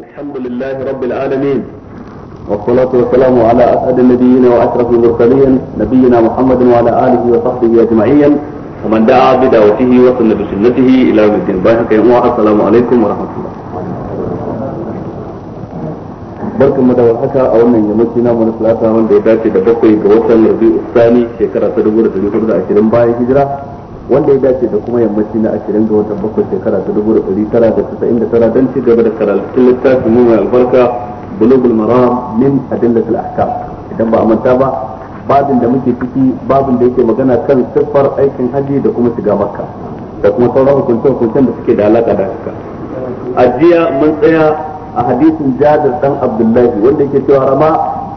الحمد لله رب العالمين والصلاة والسلام على أسعد النبيين وأشرف المرسلين نبينا محمد وعلى آله وصحبه أجمعين ومن دعا بدعوته وسن بسنته إلى يوم الدين باهك السلام عليكم ورحمة الله barkan mu da warhaka a wannan yammaci na mu na salata wanda ya dace da bakwai ga watan Rabi'u Sani shekara ta dubu dubu da da ashirin bayan hijira wanda ya dace da kuma yammaci na ashirin ga watan bakwai shekara ta dubu da ɗari tara da casa'in da tara don ci gaba da karatun littafin mai albarka bulugul maram min adillatul ahkam idan ba a manta ba babin da muke ciki babin da yake magana kan siffar aikin haji da kuma shiga makka da kuma sauran hukunce-hukuncen da suke da alaka da haka a jiya mun tsaya a hadisin jabir dan abdullahi wanda yake cewa rama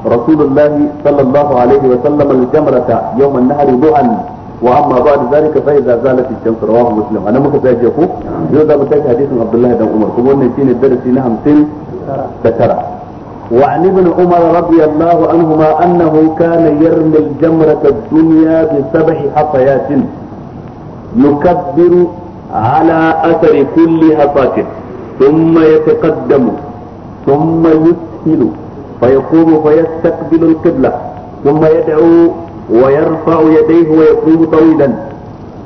rasulullahi sallallahu alaihi wa sallam al-jamrata yawm an-nahri du'an واما بعد ذلك فاذا زالت الشمس رواه مسلم انا muka sai ko yau da حديث عبد الله بن عمر kuma wannan shine الدرس na 50 da tara وعن ابن عمر رضي الله عنهما انه كان يرمي الجمرة الدنيا بسبع حصيات يكبر على اثر كل حصاة ثم يتقدم ثم يسهل فيقوم فيستقبل القبلة ثم يدعو ويرفع يديه ويطوي طويلا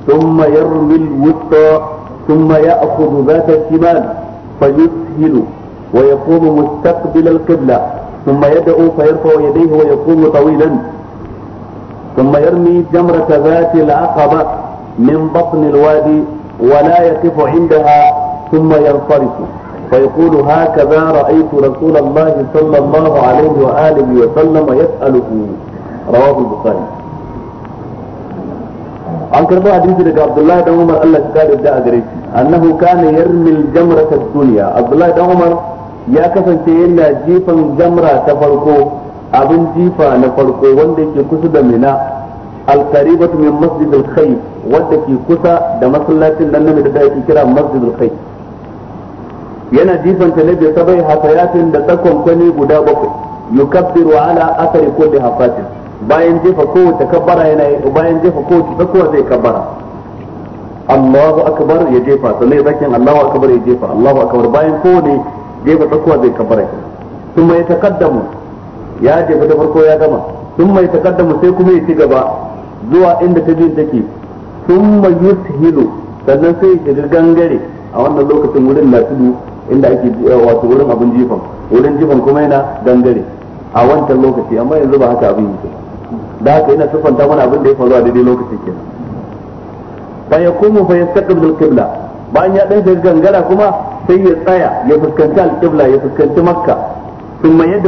ثم يرمي الوسطى ثم يأخذ ذات الشمال فيسهل ويقوم مستقبل القبلة ثم يدعو فيرفع يديه ويقوم طويلا ثم يرمي جمرة ذات العقبة من بطن الوادي ولا يقف عندها ثم ينصرف فيقول هكذا رأيت رسول الله صلى الله عليه وآله وسلم يسأله rawahu bukhari an karbo hadisi daga abdullahi dan umar Allah ya kare da a gare shi annahu kana yarmil jamrata dunya abdullahi dan umar ya kasance yana jifan jamra ta farko abin jifa na farko wanda yake kusa da mina alkaribatu min masjid al-khayf wanda ke kusa da masallacin nan nabi da yake kira masjid al yana jifan ta nabi sabai hasayatin da tsakon kwani guda bakwai yukabbiru ala athari kulli hafatin bayan jefa kowace kabbara yana bayan jefa kowace tsakuwa zai kabbara Allahu akbar ya jefa sannan zakin Allahu akbar ya jefa Allahu akbar bayan kowane jefa tsakuwa zai kabbara sun mai takaddamu ya jefa da farko ya gama sun mai takaddamu sai kuma ya ci gaba zuwa inda ta jin take sun mai yushilu sannan sai ya shiga gangare a wannan lokacin wurin na tudu inda ake eh, wato wurin abin jifan wurin jifan kuma yana gangare a wancan lokaci amma yanzu ba haka abin yake ba da haka yana siffanta mana abin da ya faru a daidai lokacin kenan fa yakumu fa yastaqbilu al-qibla bayan ya dan gangara kuma sai ya tsaya ya fuskanci al ya fuskanci makka thumma ya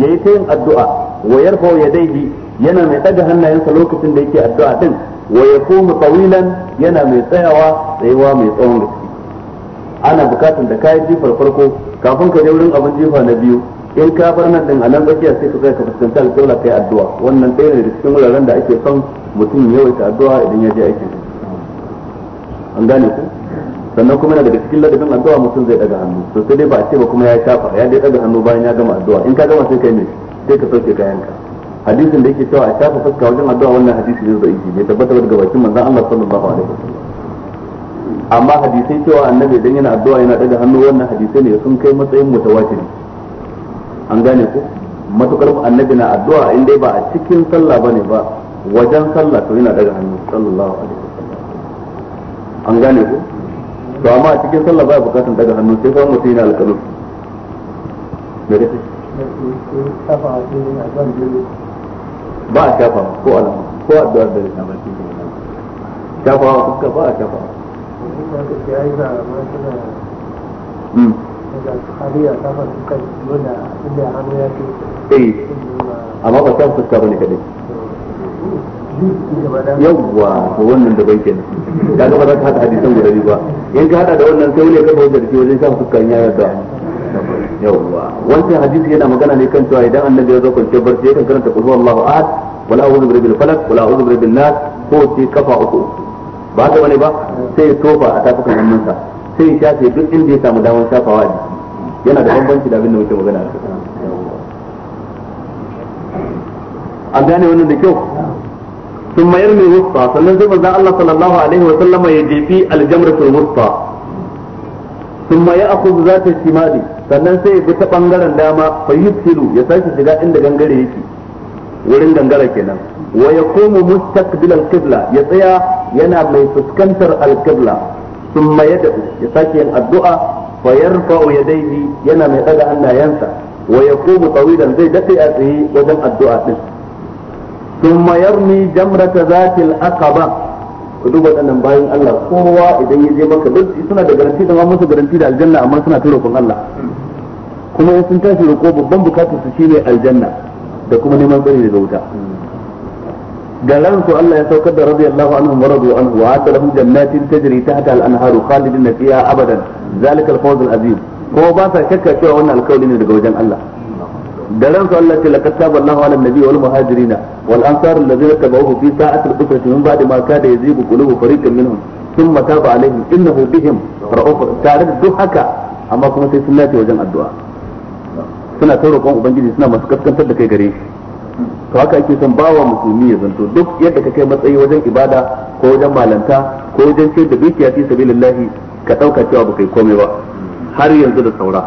yayi ta yin addu'a wa yarfa yadayhi yana mai daga hannayensa lokacin da yake addu'a din wa yakumu tawilan yana mai tsayawa tsayawa mai tsawon gaske ana bukatun da kayan jifar farko kafin ka je wurin abin jifa na biyu in ka bar nan din a nan tsakiya sai ka zai ka fuskanci alƙibla kai addu'a wannan ɗaya ne da cikin wuraren da ake son mutum ya yawaita addu'a idan ya je aiki an gane ku sannan kuma yana daga cikin ladabin addu'a mutum zai daga hannu to sai dai ba a ce ba kuma ya shafa ya dai ɗaga hannu bayan ya gama addu'a in ka gama sai kai ne sai ka sauke kayanka hadisin da yake cewa a shafa fuska wajen addu'a wannan hadisi ne zai bai tabbatar da bakin manzon Allah sallallahu alaihi wasallam amma hadisai cewa annabi idan yana addu'a yana ɗaga hannu wannan hadisai ne sun kai matsayin mutawatir an gane ko matukar annabi na addu'a in dai ba a cikin sallah bane ba wajen sallah to yana daga hannu sallallahu alaihi wasallam an gane ko to amma a cikin sallah ba bukatun daga hannu sai kuma mutum yana alƙalu me kace ba a shafa ko alama ko addu'a da ta ba shi shafa ko ba a shafa Eh, amma ba kan fuska bane kadai yawwa to wannan da bai kenan kaga ba za ka hada hadisan guda biyu ba in ka hada da wannan sai wani kafa wajen wajen kan fuska ya yarda yawwa wancan hadisi yana magana ne kan cewa idan annabi ya zo kwance barci yakan karanta qul huwallahu ahad wala a'udhu birabbil falaq wala a'udhu birabbin nas ko ce kafa uku ba haka bane ba sai ya tofa a tafukan hannunsa sai ya shafe duk inda ya samu damar shafawa a jiki yana da bambanci da abin da muke magana an gane wannan da kyau sun mayar mai wusta sannan zai manzon Allah sallallahu alaihi wa sallama ya jefi aljamratul wusta sun mayar za zata shimali sannan sai ya bi ta bangaren dama fa yusilu ya sake shiga inda gangare yake wurin gangara kenan wa ya komo mustaqbilal qibla ya tsaya yana mai fuskantar al-qibla thumma yad'u ya sake yin addu'a fa yarfa'u yadayhi yana mai daga hannayensa wa yaqumu tawilan zai dade a tsaye wajen addu'a din thumma yarmi jamrata zatil aqaba ku duba waɗannan bayan Allah kowa idan ya je maka duk suna da garanti da ma garanti da aljanna amma suna ta Allah kuma in sun tashi roƙo babban bukatar su shine aljanna da kuma neman tsari daga wuta ga ransu Allah ya saukar da radiyallahu anhum wa radu anhu wa adda lahum jannatin tajri tahta al-anharu khalidin fiha abadan zalika al-fawz al-azim ko ba sa shakka cewa wannan alkawari ne daga wajen Allah da ransu Allah ce laqad taba Allahu ala an-nabi wal muhajirin wal ansar alladhina tabahu fi sa'ati al-usrati min ba'di ma kada yazibu qulubu fariqin minhum thumma taba alaihim innahu bihim ra'ufur tare duk haka kuma wajen suna ubangiji suna masu kaskantar da kai gare to haka ake son bawa musulmi ya zanto duk yadda ka kai matsayi wajen ibada ko wajen malanta ko wajen ce da dukiya fi sabilillahi ka dauka cewa baka yi komai ba har yanzu da saura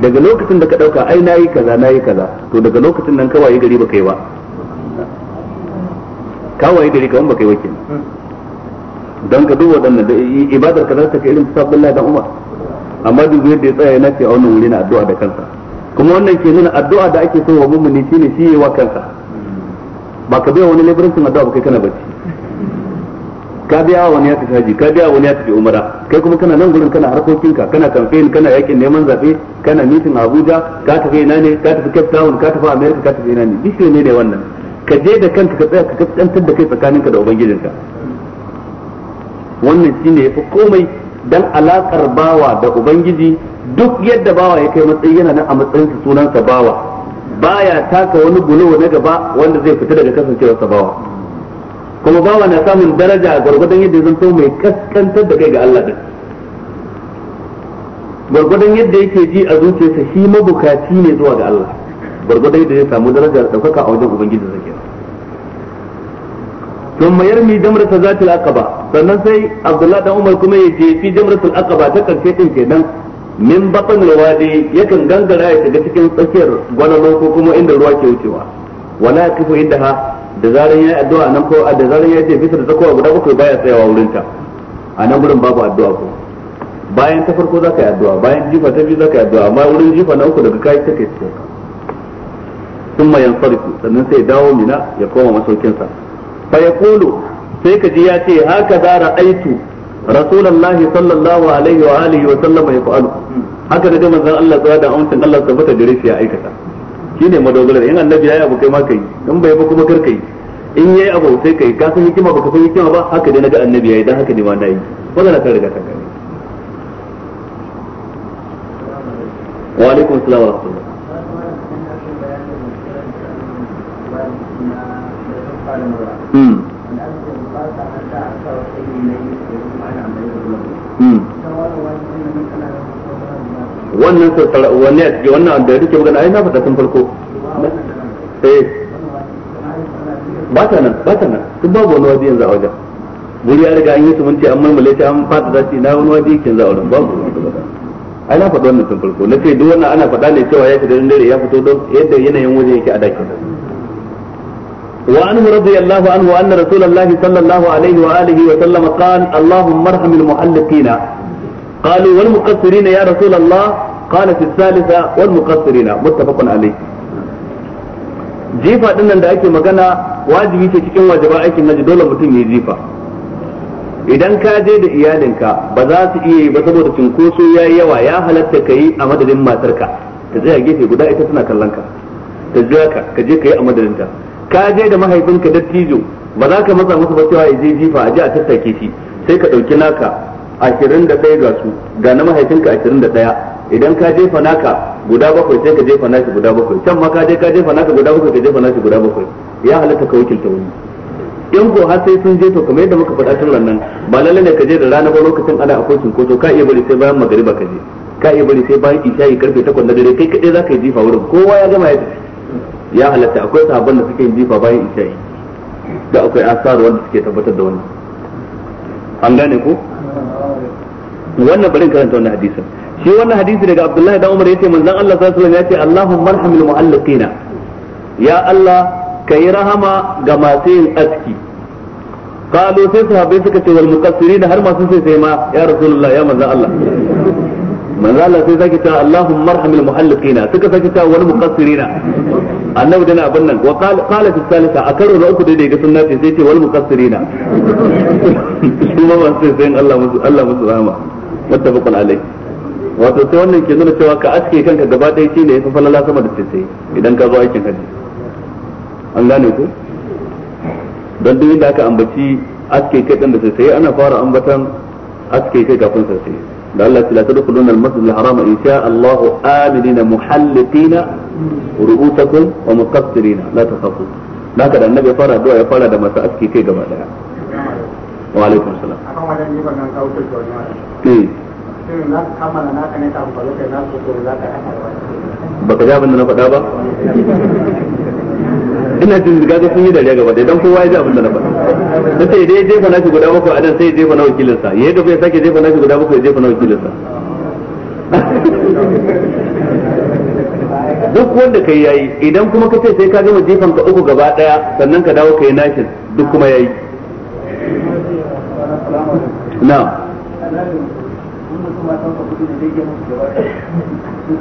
daga lokacin da ka dauka ai nayi kaza nayi kaza to daga lokacin nan ka waye gari baka yi ba ka waye gari kaman baka yi wakil don ka duk waɗannan ibadar ka za ta kai irin sabbin ladan umar amma duk yadda ya tsaya yana ce a wannan wuri na addu'a da kansa kuma wannan ke nuna addu'a da ake son wa mummuni shine shi yayi wa kansa ba ka biya wani labirin addu'a ba kai kana bacci ka biya wani ya tafi haji ka biya wani ya tafi umara kai kuma kana nan gurin kana harkokinka kana campaign kana yakin neman zaɓe kana mitin Abuja ka tafi ina ne ka tafi Cape Town ka tafi America ka tafi ina ne duk ne ne wannan ka je da kanka ka tsaya ka kaskantar da kai tsakaninka da ubangijinka wannan shine fi komai dan alakar bawa da ubangiji duk yadda bawa ya kai matsayi yana nan a matsayin sa sunansa bawa baya taka wani gulo na gaba wanda zai fita daga kasancewar sa bawa kuma bawa na samun daraja a gwargwadon yadda zan so mai kaskantar da kai ga Allah din gwargwadon yadda yake ji a zuciyarsa shi mabukaci ne zuwa ga Allah gwargwadon yadda zai samu daraja da ɗaukaka a wajen ubangiji zake ثم يرمي جمرة ذات العقبة sannan sai الله dan Umar kuma ya jefi jamratul aqaba ta karshe din min batn wadi yakan gangara ya shiga cikin tsakiyar gwanano ko kuma inda ruwa ke wucewa wala inda ha da zaran yayi addu'a nan ko da zaran yayi fitar da zakowa guda bakwai baya tsayawa wurin ta a nan gurin babu addu'a ko bayan ta farko zaka yi addu'a bayan jifa ta biyu zaka yi addu'a amma wurin jifa na uku daga kai take cikin ka sun mayan sarki sannan sai dawo mina ya koma masaukinsa fa yaqulu kulu sai ka ji ya ce haka za ra'aitu رسول sallallahu alaihi wa عليه wa وسلم yaf'alu haka da manzon Allah tsaya da amincin Allah tabbata gare shi ya aikata shine madogarar in annabi yayi abu kai ma kai in bai ba kuma kar kai in yayi abu sai kai ka san hikima baka san hikima ba haka dai naga annabi yayi dan haka ne ma nayi wannan na riga ta kai wa alaikum assalam wa rahmatullah hmm. Hmm. wannan sassara wanne a cikin wannan da take magana ai na fata tun farko eh ba ta nan ba ta nan tun babu wani waje yanzu a wajen guri ya riga an yi su mun ce an mulmule ta an fata za su na wani waje yake yanzu a wajen babu ai na faɗa wannan tun farko na ce duk wannan ana faɗa ne cewa ya shiga dare ya fito don yadda yanayin waje yake a dakin وعنه رضي الله عنه أن رسول الله صلى الله عليه وآله وسلم قال اللهم ارحم المحلقين قالوا والمقصرين يا رسول الله قال في الثالثة والمقصرين متفق عليه jifa din da ake magana wajibi ce cikin wajaba aikin naji dole mutum ya jifa idan ka je da iyalinka ba za su iya yi ba saboda cinkoso ya yi yawa ya halatta ka yi a madadin matarka ta je a gefe guda ita suna kallon ka ta jira ka ka je ka yi a madadinta ka je da mahaifinka dattijo ba za ka matsa masa ba cewa ya je jifa a je a tattake shi sai ka ɗauki naka ashirin da ɗaya ga su ga na mahaifinka ashirin da ɗaya idan ka jefa naka guda bakwai sai ka jefa nashi guda bakwai can ma ka je ka jefa naka guda bakwai ka jefa nashi guda bakwai ya halatta ka wakilta wani in ko har sai sun je to kamar yadda muka faɗa tun nan ba lalle ne ka je da rana ba lokacin ana akwai cinkoso ka iya bari sai bayan magariba ka je ka iya bari sai bayan isha'i karfe takwas na dare kai kaɗai za ka yi jifa wurin kowa ya gama ya tafi ya halatta akwai sahabban da suke yin jifa bayan isha'i da akwai asar wanda suke tabbatar da wannan an gane ko wannan barin karanta wannan hadisin shi wannan hadisi daga Abdullahi dan Umar yace manzon Allah sallallahu alaihi wasallam yace Allahumma arhamil mu'alliqina ya Allah kai rahama ga masu yin aski qalu sai sahabbai suka ce wal muqassirin har masu sai sai ma ya rasulullah ya manzon Allah manzo Allah sai zaki ta Allahumma arhamil muhalliqina suka saki ta wani muqassirina annabi dana abin nan wa qala qala fi salisa a karo na uku da daga sunna ce sai ce wal su kuma ba sai sai Allah musu Allah musu rahama muttafaqun alai wato sai wannan ke nuna cewa ka aske kanka gaba ɗaya shine yafi falala sama da sai idan ka zo aikin haji an gane ku don duk da aka ambaci aske kai dan da sai ana fara ambatan aske kai kafin sai da Allah ya ta dukuluna al-masjid al-haram insha Allah aminina muhalliqina ru'usakum wa muqassirina la da da annabi fara addu'a ya fara da masu aski kai gaba daya wa alaikum salam akan ta kai na so ko za ka baka ji abin na faɗa ba ina jin riga ga sun yi dariya gaba dan kowa ya ji abin da na faɗa sai dai jefa na shi guda bakwai a nan sai jefa na wakilin sa yayi gaba ya sake jefa na shi guda bakwai jefa na wakilin sa duk wanda kai yayi idan kuma ka ce sai ka gama jefan ka uku gaba daya sannan ka dawo kai nashi duk kuma yayi na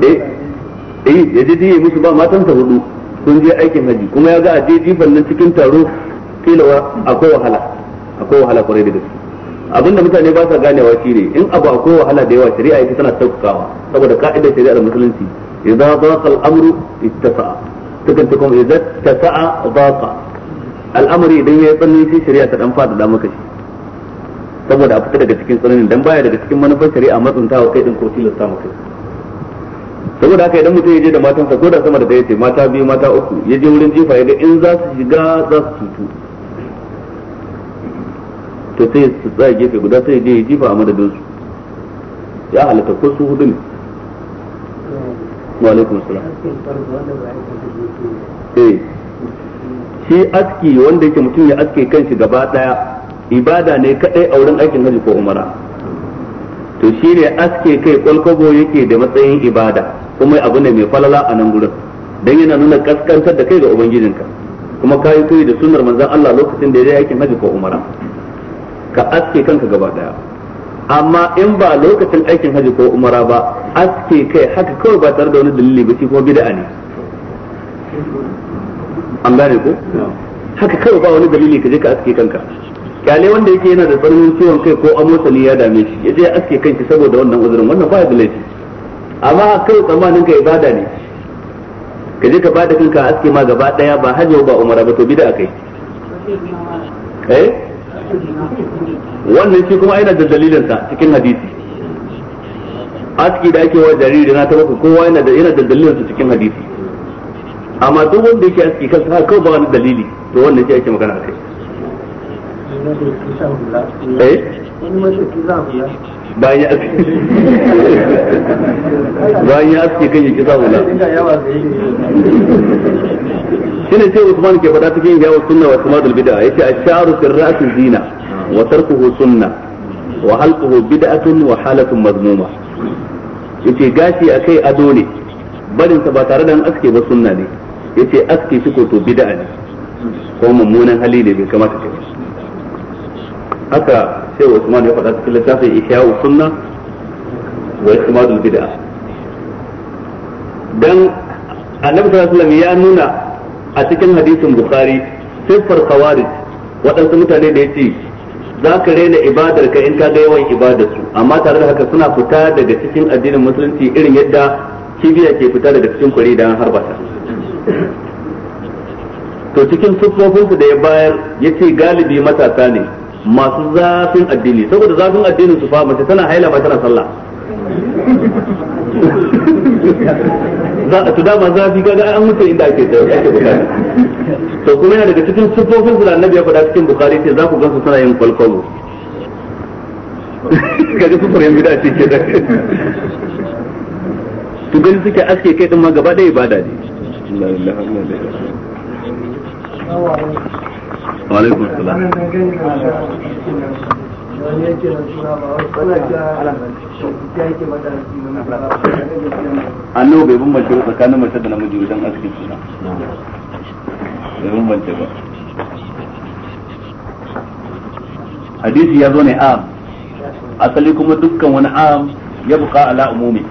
eh eh ya je musu ba matan ta hudu sun je aikin haji kuma ya ga a je jifan nan cikin taro kila akwai wahala akwai wahala kwarai da gaske abinda mutane ba sa ganewa shine in abu akwai wahala da yawa shari'a ita tana sauƙaƙawa saboda ka'idar shari'ar musulunci idza daqa al-amru ittasa'a takan takum idza tasa'a daqa al'amari idan ya tsanani sai shari'a ta dan fada maka shi saboda a fita daga cikin tsananin dan baya daga cikin manufar shari'a matsuntawa kai din ko tilasta maka saboda haka idan mutum ya je da matansa ko da sama da ɗaya ce mata biyu mata uku ya je wurin jifa ya ga in za su shiga za su tutu to sai su tsaya gefe guda sai je ya jifa a madadin su ya halatta ko su hudu ne wa salam eh, shi aski wanda yake mutum ya aske shi gaba daya ibada ne kadai a wurin aikin haji ko umara to ne aske kai kwalkwabo yake da matsayin ibada kuma abu ne mai falala a nan gurin don yana nuna kaskantar da kai ga ubangijinka kuma kayi koyi da sunar manzan Allah lokacin da ya yi aikin haji ko umara ka aske kanka gaba daya amma in ba lokacin aikin haji ko umara ba aske kai haka kawai ba tare da wani dalili ba shi ko bid'a ne an gane ko haka kawai ba wani dalili ka je ka aske kanka kyale wanda yake yana da tsananin ciwon kai ko amosani ya dame shi ya je aske kanki saboda wannan uzurin wannan ba da laifi amma kai tsammanin ka ibada ne ka je ka bada kanka aske ma gaba daya ba hajjo ba umara ba to bida kai eh wannan shi kuma yana da dalilin sa cikin hadisi aski da ake wa jariri na ta baka kowa yana da yana da dalilin sa cikin hadisi amma duk wanda yake aski kansa kawai ba wani dalili to wannan shi ake magana akai eh bayan ya aske bayan ya aske kan yake sa hula Usman ke faɗa cikin sunna wa bid'a yace zina wa tarkuhu sunna wa halquhu bid'atun wa halatun mazmuma yace gashi akai ado ne barin sa ba tare da an aske ba sunna ne yace aske shi ko to bid'a ne ko mummunan hali ne bai kamata yi haka sai Usman ya faɗa cikin littafin Ihya Sunna wa Ikhmadul Bid'ah dan Annabi sallallahu alaihi ya nuna a cikin hadisin Bukhari siffar khawarij waɗansu mutane da yace za ka rena ibadar ka in ka ga yawan ibadar su amma tare da haka suna fita daga cikin addinin musulunci irin yadda kibiya ke fita daga cikin kwari dan harbata to cikin siffofinsu da ya bayar yace galibi matasa ne masu zafin addini saboda zafin addinin su fa mace tana haila ba tana sallah za a tuda ma zafi kaga an mutu inda ake ake bukata to kuma yana daga cikin sufofin su da annabi ya faɗa cikin bukari sai za ku gansu suna yin kwalkwalo kaga sufar yan bid'a ce ke da to gani suke aske kai din ma gaba ɗaya ibada ne wa alaikum salam annabi bai bambance ba tsakanin mace da namiji wajen askin suna bai bambance ba hadisi ya zo ne am asali kuma dukkan wani am ya buka ala umumi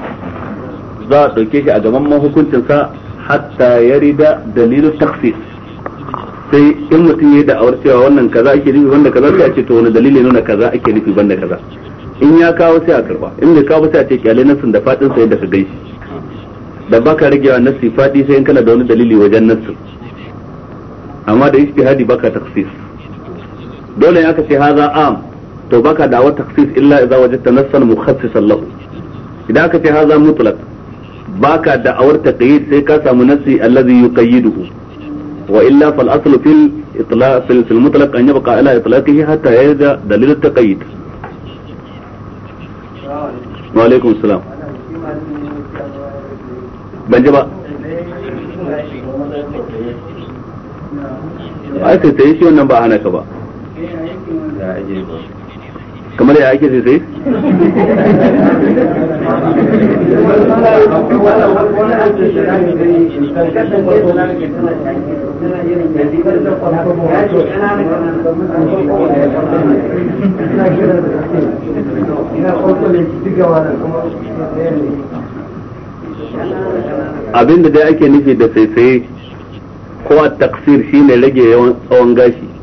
za a ɗauke shi a gaban mahukuncinsa hatta ya rida dalilin taksis sai in mutum ya da'awar cewa wannan kaza ake nufi banda kaza sai a ce to wani dalili nuna kaza ake nufi banda kaza in ya kawo sai a karba in bai kawo sai a ce kyale nassin da fadin sai da ka gaishe da baka ragewa nassi fadi sai in kana da wani dalili wajen nassin amma da ijtihadi baka taksis dole ya aka ce haza am to baka da wata taksis illa idza wajadta nassan mukhassisan lahu idan aka ce haza mutlaq baka da awar taqyid sai ka samu nassi allazi yuqayyiduhu وإلا فالأصل في الإطلاق في المطلق أن يبقى على إطلاقه حتى يرجع دليل التقييد وعليكم السلام بنجبا ai sai sai shi wannan ba hana ka ba kamar ya ake sai abinda dai ake nufi da saisaye ko a taksir shine rage yawan tsawon gashi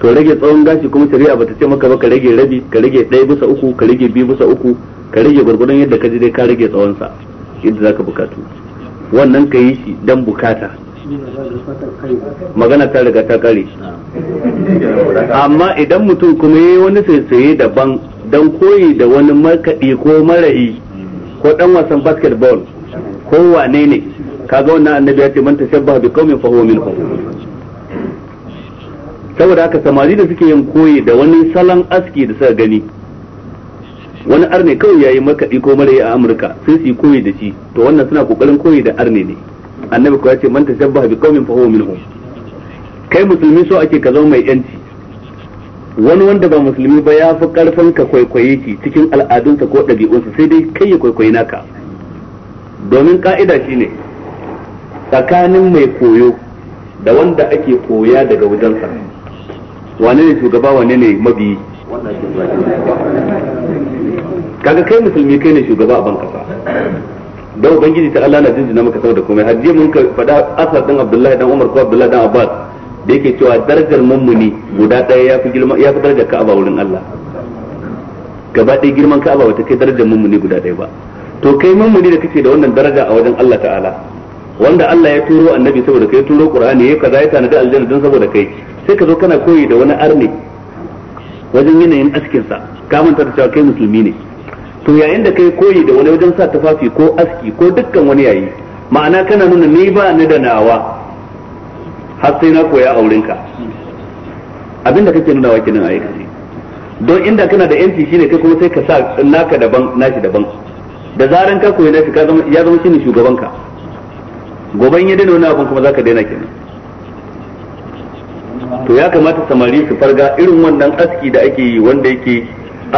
to rage tsawon gashi kuma shari'a bata ce maka ba ka rage rabi ka rage ɗaya bisa uku ka rage biyu bisa uku ka rage gwargwadon yadda ka ji dai ka rage tsawon sa yadda ka bukatu wannan ka yi shi dan bukata magana ta riga ta kare amma idan mutum kuma ya yi wani saisaye daban don koyi da wani makaɗi ko marai ko ɗan wasan basketball ko wane ne kaga wannan annabi ya ce manta shabba bi qaumin fa huwa minhum saboda haka samari da suke yin koyi da wani salon aski da suka gani wani arne kawai yayi makaɗi ko yi a amurka sai su yi koyi da shi to wannan suna kokarin koyi da arne ne annabi ko ya ce man tashabbaha bi qaumin fa huwa minhum kai musulmi so ake ka zama mai yanci wani wanda ba musulmi ba ya fi karfin ka kwaikwaye shi cikin al'adunsa ko ɗabi'unsa sai dai kai ya kwaikwayi naka domin ka'ida shine tsakanin mai koyo da wanda ake koya daga wajensa wane ne shugaba wane ne mabiyi kaga kai musulmi kai ne shugaba a ban kasa da ubangiji ta Allah na jinjina maka saboda komai hajji mun ka faɗa asar dan Abdullahi dan Umar ko Abdullahi dan Abbas da yake cewa darajar mummuni guda daya yafi fi girma ya darajar Ka'aba wurin Allah gaba ɗaya girman Ka'aba wata kai darajar mummuni guda ɗaya ba to kai mummuni da kake da wannan daraja a wajen Allah ta'ala wanda Allah ya turo annabi saboda kai turo Qur'ani ya kaza ya da aljanna don saboda kai sai ka zo kana koyi da wani arne wajen yanayin askinsa ka manta da cewa kai musulmi ne to yayin da kai koyi da wani wajen sa tufafi ko aski ko dukkan wani yayi ma'ana kana nuna ni ba ni da nawa har sai na koya aurenka abinda kake nuna wa kinin aikace don inda kana da yanci shine kai kuma sai ka sa naka daban nashi daban da zaran ka koyi nashi ka zama ya zama shine Gobe goban ya daina wani abin kuma zaka daina kenan to ya kamata samari su farga irin wannan aski da ake yi wanda yake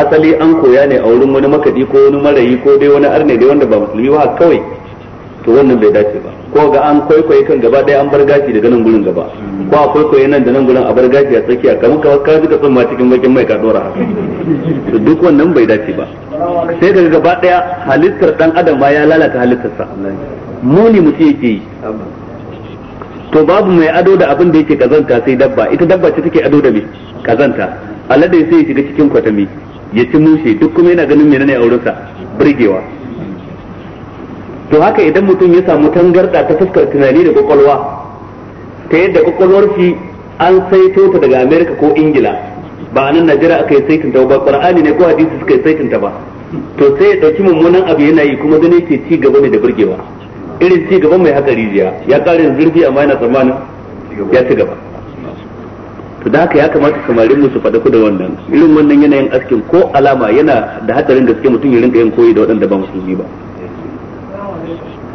asali an koya ne a wurin wani makadi ko wani marayi ko dai wani arne dai wanda ba musulmi ba kawai to wannan bai dace ba ko ga an kwaikwaye kan gaba ɗaya an bar gashi daga nan gurin gaba ko a kwaikwaye nan da nan gurin a bar gashi a tsakiya kamar ka ka duka ka cikin bakin mai ka dora haka to duk wannan bai dace ba sai daga gaba daya halittar dan adam ma ya lalata halittarsa muni mutum yake yi to babu mai ado da abin da yake kazanta sai dabba ita dabba ce take ado da mai kazanta alade sai ya shiga cikin kwatami ya ci mushe duk kuma yana ganin menene a wurinsa burgewa to haka idan mutum ya samu tangarda ta fuskar tunani da kwakwalwa ta yadda kwakwalwar shi an saito ta daga america ko ingila ba nan najeriya aka yi saitin ba qur'ani ne ko hadisi suka yi saitin ba to sai ya dauki mummunan abu yana yi kuma gane ke ci gaba ne da burgewa irin ci gaban mai haka rijiya ya ƙara zurfi amma yana tsammanin ya ci gaba to da haka ya kamata samarin mu su faɗa ku da wannan irin wannan yanayin askin ko alama yana da hatsarin suke mutum ya rinka yin koyi da waɗanda ba musulmi ba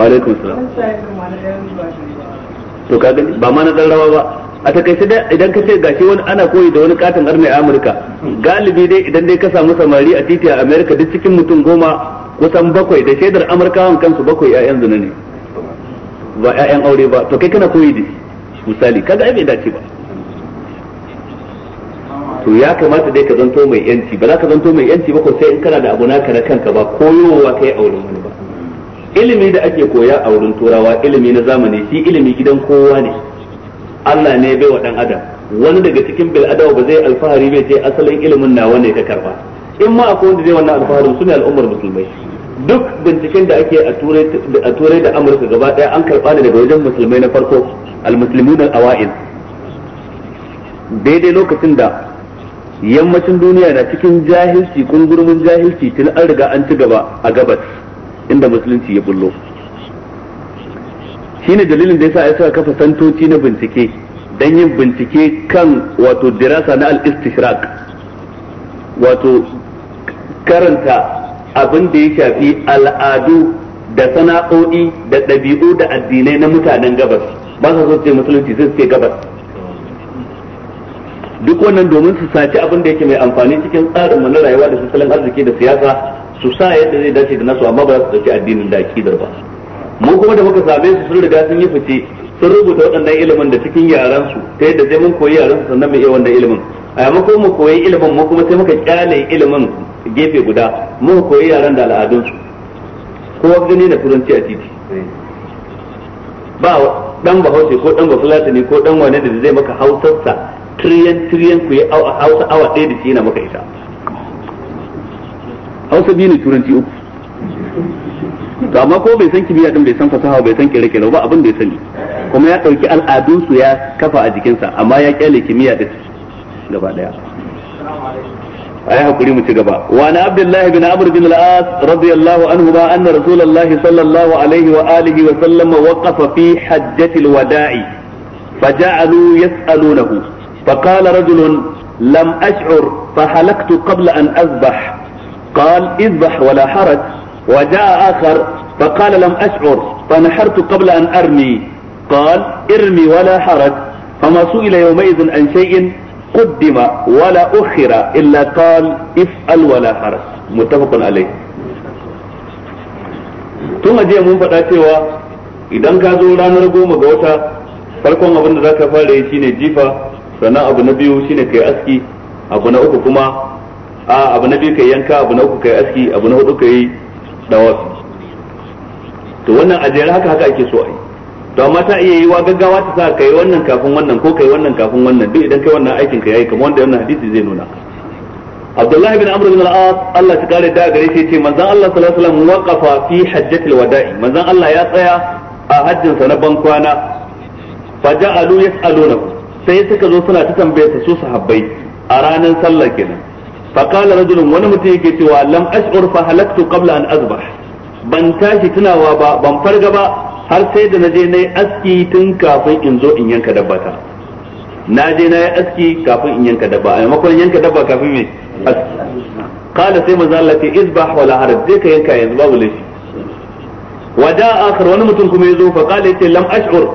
alaikum salam to ka gani ba ma na dan ba a takaice dai idan ka ce gashi wani ana koyi da wani katin arme a Amurka galibi dai idan dai ka samu samari a titi a America duk cikin mutum goma kusan bakwai da shaidar Amurkawan kansu bakwai 'ya'yan zina ne ba ƴaƴan aure ba to kai kana koyi da misali kaga ai bai dace ba to ya kamata dai ka zanto mai yanci ba za ka zanto mai yanci ba ko sai in kana da abu naka na kanka ba koyowa kai auren wani ba ilimi da ake koya a wurin turawa ilimi na zamani shi ilimi gidan kowa ne Allah ne bai wa dan adam wani daga cikin bil adawa ba zai alfahari bai ce asalin ilimin nawa ne ka karba in ma akwai wanda zai wannan alfaharin ne al'ummar musulmai duk binciken da ake a turai da amurka gaba daya an karba ne daga wajen musulmai na farko almusulmi na awa'in. daidai lokacin da yammacin duniya na cikin jahilci kungurmin jahilci tun an riga an ci gaba a gabas inda musulunci ya bullo shine dalilin da yasa ya sa kafa santoci na bincike dan yin bincike kan wato dirasa na al-istishraq wato karanta abin da ya shafi al'adu da sana'o'i da ɗabi'u da addinai na mutanen gabas ba su so ce musulunci sai ce gabas duk wannan domin su saci abin da yake mai amfani cikin tsarin mu na rayuwa da tattalin arziki da siyasa su sa yadda zai dace da nasu amma ba su dauki addinin da akidar ba mu kuma da muka same su sun riga sun yi fice sun rubuta waɗannan ilimin da cikin yaran su ta yadda zai mun koyi yaran su sannan mu iya wannan ilimin a maimakon mu koyi ilimin mu kuma sai muka kyale ilimin gefe guda mu koyi yaran da al'adunsu kowa gani da turanci a titi ba dan bahaushe ko dan ne ko dan wane da zai maka hausarsa triyan triyan ku yi hausa awa ɗaya da shi na maka ita hausa biyu ne turanci uku to amma ko bai san kimiyya din bai san fasaha bai san kire-kire ba abin da ya sani kuma ya ɗauki al'adunsu ya kafa a jikinsa amma ya kyale kimiyya din gaba daya ayi hakuri mu ci gaba wa na abdullahi bin amr bin al-as radiyallahu anhu ba anna rasulullahi sallallahu alaihi wa alihi wa sallama waqafa fi hajjati al-wada'i faja'alu yas'alunahu فقال رجل لم أشعر فحلقت قبل أن أذبح قال اذبح ولا حرج وجاء آخر فقال لم أشعر فنحرت قبل أن أرمي قال ارمي ولا حرج فما سئل يومئذ عن شيء قدم ولا أخر إلا قال افعل ولا حرج متفق عليه tun aje mun faɗa cewa idan ka zo ranar goma ga wata farkon abin da za ka fara yi shine jifa sannan abu na biyu shine kai aski abu na uku kuma a abu na biyu kai yanka abu na uku kai aski abu na hudu kai dawas to wannan a haka haka ake so a yi to amma ta iya yiwa gaggawa ta sa kai wannan kafin wannan ko kai wannan kafin wannan duk idan kai wannan aikin ka yayi kamar wanda wannan hadisi zai nuna Abdullahi bin Amr bin al-As Allah ta kare da gare shi ce manzon Allah sallallahu alaihi wasallam waqafa fi hajjatil wada'i manzon Allah ya tsaya a hajjin sa na bankwana faja'alu yas'alunahu sai suka zo suna ta tambaye su su sahabbai a ranar sallah kenan faqala rajulun wani mutum yake cewa lam ash'ur fa halaktu qabla an azbah ban tashi tunawa ba ban farga ba har sai da naje nayi aski tun kafin in zo in yanka dabba ta na je nayi aski kafin in yanka dabba a maimakon yanka dabba kafin me aski qala sai manzo Allah ce izbah wala haraj zai ka yanka yanzu babu laifi wada akhar wani mutum kuma yazo fa kala yace lam ash'ur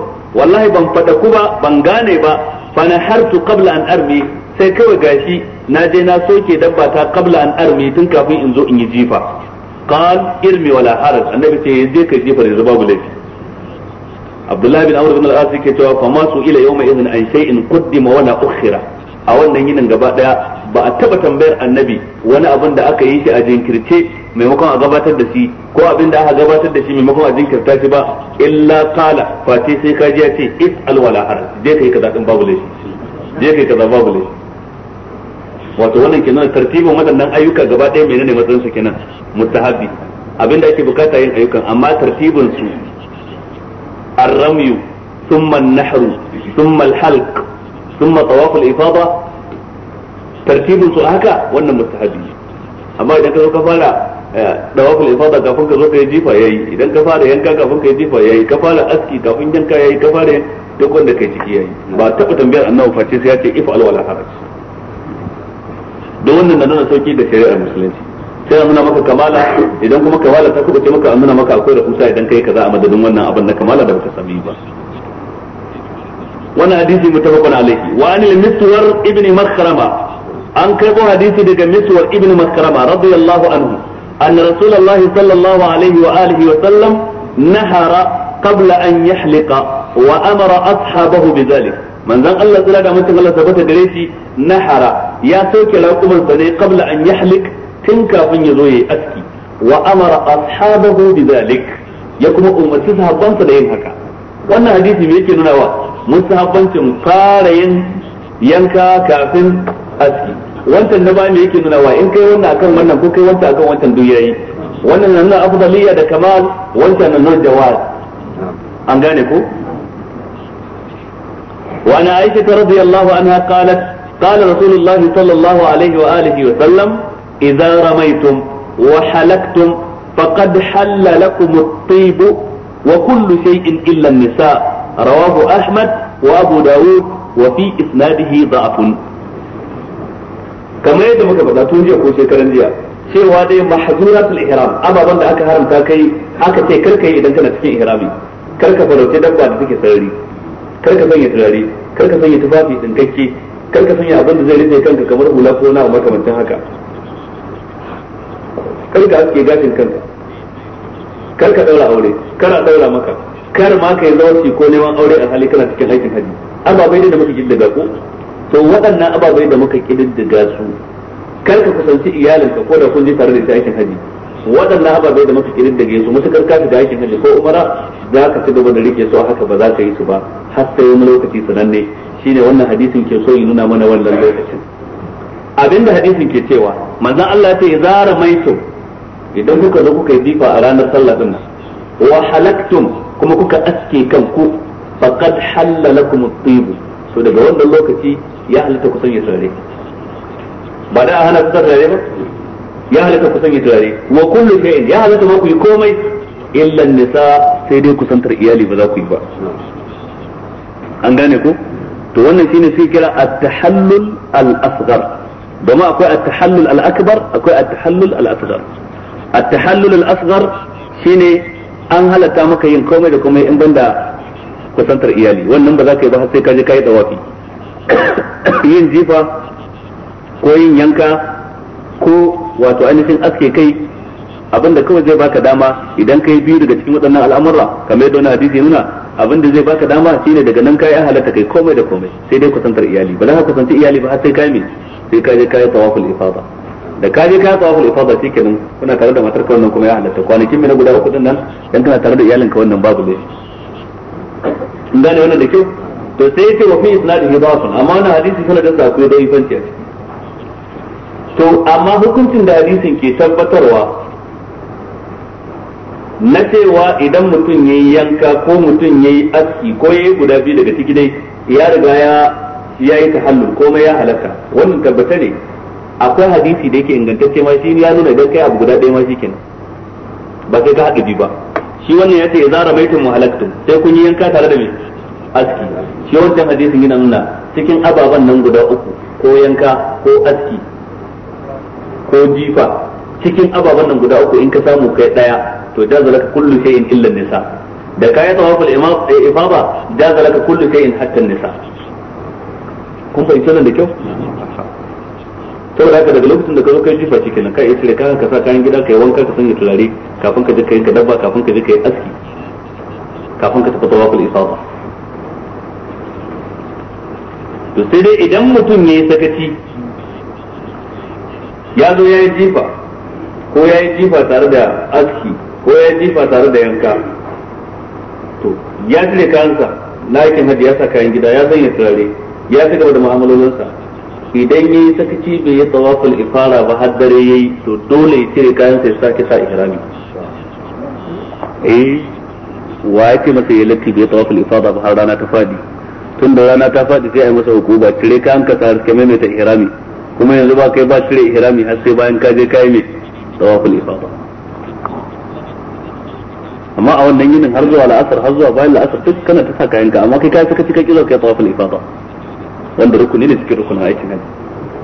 wallahi ban fada ku ba ban gane ba fa nahartu qabla an armi sai kawai gashi na je na soke dabba ta qabla an armi tun kafin in zo in yi jifa qal irmi wala haraj annabi ce je ka jifa yanzu babu laifi abdullahi bin amr bin al-as yake cewa fa ma su ila yawma idhin an shay'in qaddima wala ukhira a wannan yinin gaba daya ba a taba tambayar annabi wani abin da aka yi shi a jinkirce maimakon a gabatar da shi ko abin da aka gabatar da shi maimakon a jinkirta shi ba illa qala fati sai ka ji ya ce is je je wato wannan kenan tartibin waɗannan ayyuka gaba ɗaya menene matsayin su kenan mustahabi abin da ake bukata yin ayyukan amma tartibin su الرمي ثم النحر ثم الحلق ثم طواف الإفاضة ترتيب سؤالك وانا مستحبي amma idan ka zo ka ifada kafin ka zo ka idan ka fara yanka kafin ka yi jifa yayi ka aski kafin yanka yayi ka fara duk wanda kai ciki yayi ba taba tambayar annabi face ce sauki da shari'ar musulunci sai nuna maka kamala idan kuma kamala ta kuɓuce maka an nuna maka akwai rahusa idan kai kaza a madadin wannan abin na kamala da baka sami ba wannan hadisi mutafaqun alaihi wa anil miswar ibn makrama an kai ko hadisi daga miswar ibn makrama radiyallahu anhu anna rasulullahi sallallahu alaihi wa alihi wa sallam nahara qabla an yahlika wa amara ashabahu bidhalik manzon Allah tsira da mutum Allah tabbata gare shi nahara ya soke laƙumansa ne qabla an yahlik tun kafin ya zo ya yi aski wa amara ashabahu bidhalik ya kuma umarci sahabbansa da yin haka wannan hadisi me yake nuna wa musahabbancin fara yin yanka kafin aski wancan na bani yake nuna wa in kai wannan akan wannan ko kai wancan akan wancan duk yayi wannan nan na afdaliyya da kamal wancan nan nan jawaz an gane ko وعن عائشة رضي الله عنها قالت قال رسول sallallahu alaihi wa عليه wa sallam. izan ramaytum wa halaktum faqad halla lakum at-tayyib wa kullu shay'in illa an-nisa rawahu ahmad wa abu daud wa fi isnadihi da'fun kamar yadda muka faɗa tun jiya ko shekaran jiya cewa dai mahzuratul ihram ababan da aka haramta kai aka ce karka yi idan kana cikin ihrami karka farauce dabba da take sarari karka sanya turare karka sanya tufafi dinkakke karka sanya abinda zai rufe kanka kamar hula ko na makamancin haka kai ka gashin kanka kar ka daura aure a daura maka kar ma kai zawarci ko neman aure a hali kana cikin aikin haji ababai ne da muka kiddiga ko to waɗannan ababai da muka ga su kar ka kusanci iyalinka ko da kun je tare da shi aikin haji waɗannan ababai da muka ga su musu ka da aikin haji ko umara za ka ci gaba da rike su haka ba za ka yi su ba har sai wani lokaci sananne shine wannan hadisin ke so yi nuna mana wannan lokacin abinda hadisin ke cewa manzon Allah ya ce zara maito idan kuka zo kuka yi jifa a ranar sallah din wa halaktum kuma kuka aske kanku faqad halla lakum at-tib to daga wannan lokaci ya halatta ku sanya turare ba da hana ku turare ba ya halatta ku sanya turare wa kullu shay'in ya halatta ma ku yi komai illa nisa sai dai kusantar iyali ba za ku yi ba an gane ku to wannan shine sai kira at-tahallul al-asghar domin akwai at-tahallul al-akbar akwai at-tahallul al-asghar التحلل tahallul al-asghar shine an halatta maka yin komai da komai in banda kusantar iyali wannan ba za ka yi ba sai kaje je ka yi dawafi yin jifa ko yin yanka ko wato ainihin aske kai abinda kawai zai baka dama idan kai biyu daga cikin waɗannan al'amura kamar yadda wani hadisi nuna abinda zai baka dama shine daga nan kai halatta kai komai da komai sai dai kusantar iyali ba za ka kusanci iyali ba har sai kai me sai ka je kai tawaful ifada da ka je ka tsawaful ifada kenan kuna tare da matar ka wannan kuma ya halatta kwanakin mai na guda uku nan dan kana tare da iyalin ka wannan babu ne. in gane wannan da kyau to sai ce wa fi isnadin yudafun amma wannan hadisi kana da sako da ifanci a to amma hukuncin da hadisin ke tabbatarwa na cewa idan mutum ya yi yanka ko mutum ya yi aski ko ya yi guda biyu daga ciki dai ya riga ya ya yi tahallul komai ya halatta wannan tabbata ne akwai hadisi da yake ingantacce ma shi ya nuna idan kai abu guda ɗaya ma shi kenan ba sai ka haɗu bi ba shi wannan ya ce ya zara maitin muhalaktum sai kun yi yanka tare da mai aski shi wancan hadisin yana nuna cikin ababen nan guda uku ko yanka ko aski ko jifa cikin ababen nan guda uku in ka samu kai ɗaya to jaza laka kullu shay'in illa nisa da kai tawaful imam eh, ifaba jaza laka kullu shay'in hatta nisa kun fahimci nan da kyau saboda haka daga lokacin da ka zo kai jifa shi kenan ka yi cire ka sa kayan gida ka yi wanka ka sanya turare kafin ka je ka yi ka dabba kafin ka je ka yi aski kafin ka tafi tawakul isafa to sai dai idan mutum yi sakaci ya zo ya yi jifa ko ya yi jifa tare da aski ko ya yi jifa tare da yanka to ya cire kayansa na aikin hajji ya sa kayan gida ya sanya turare ya ci gaba da mu'amalolinsa idan yi sakaci bai yi tawaful ifara ba har dare yi to dole ya cire kayan sai sake sa ihrami eh wa yake masa ya lati bai tawaful ifada ba har rana ta fadi tun da rana ta fadi sai a yi masa hukuma cire kayan ka sa ka maimaita ihrami kuma yanzu ba kai ba cire ihrami har sai bayan ka je yi mai tawaful ifada amma a wannan yinin har zuwa la'asar har zuwa bayan la'asar duk kana ta sa kayan ka amma kai ka sakaci ka kizo kai tawaful ifada wanda rukuni ne cikin rukunin aikin hajji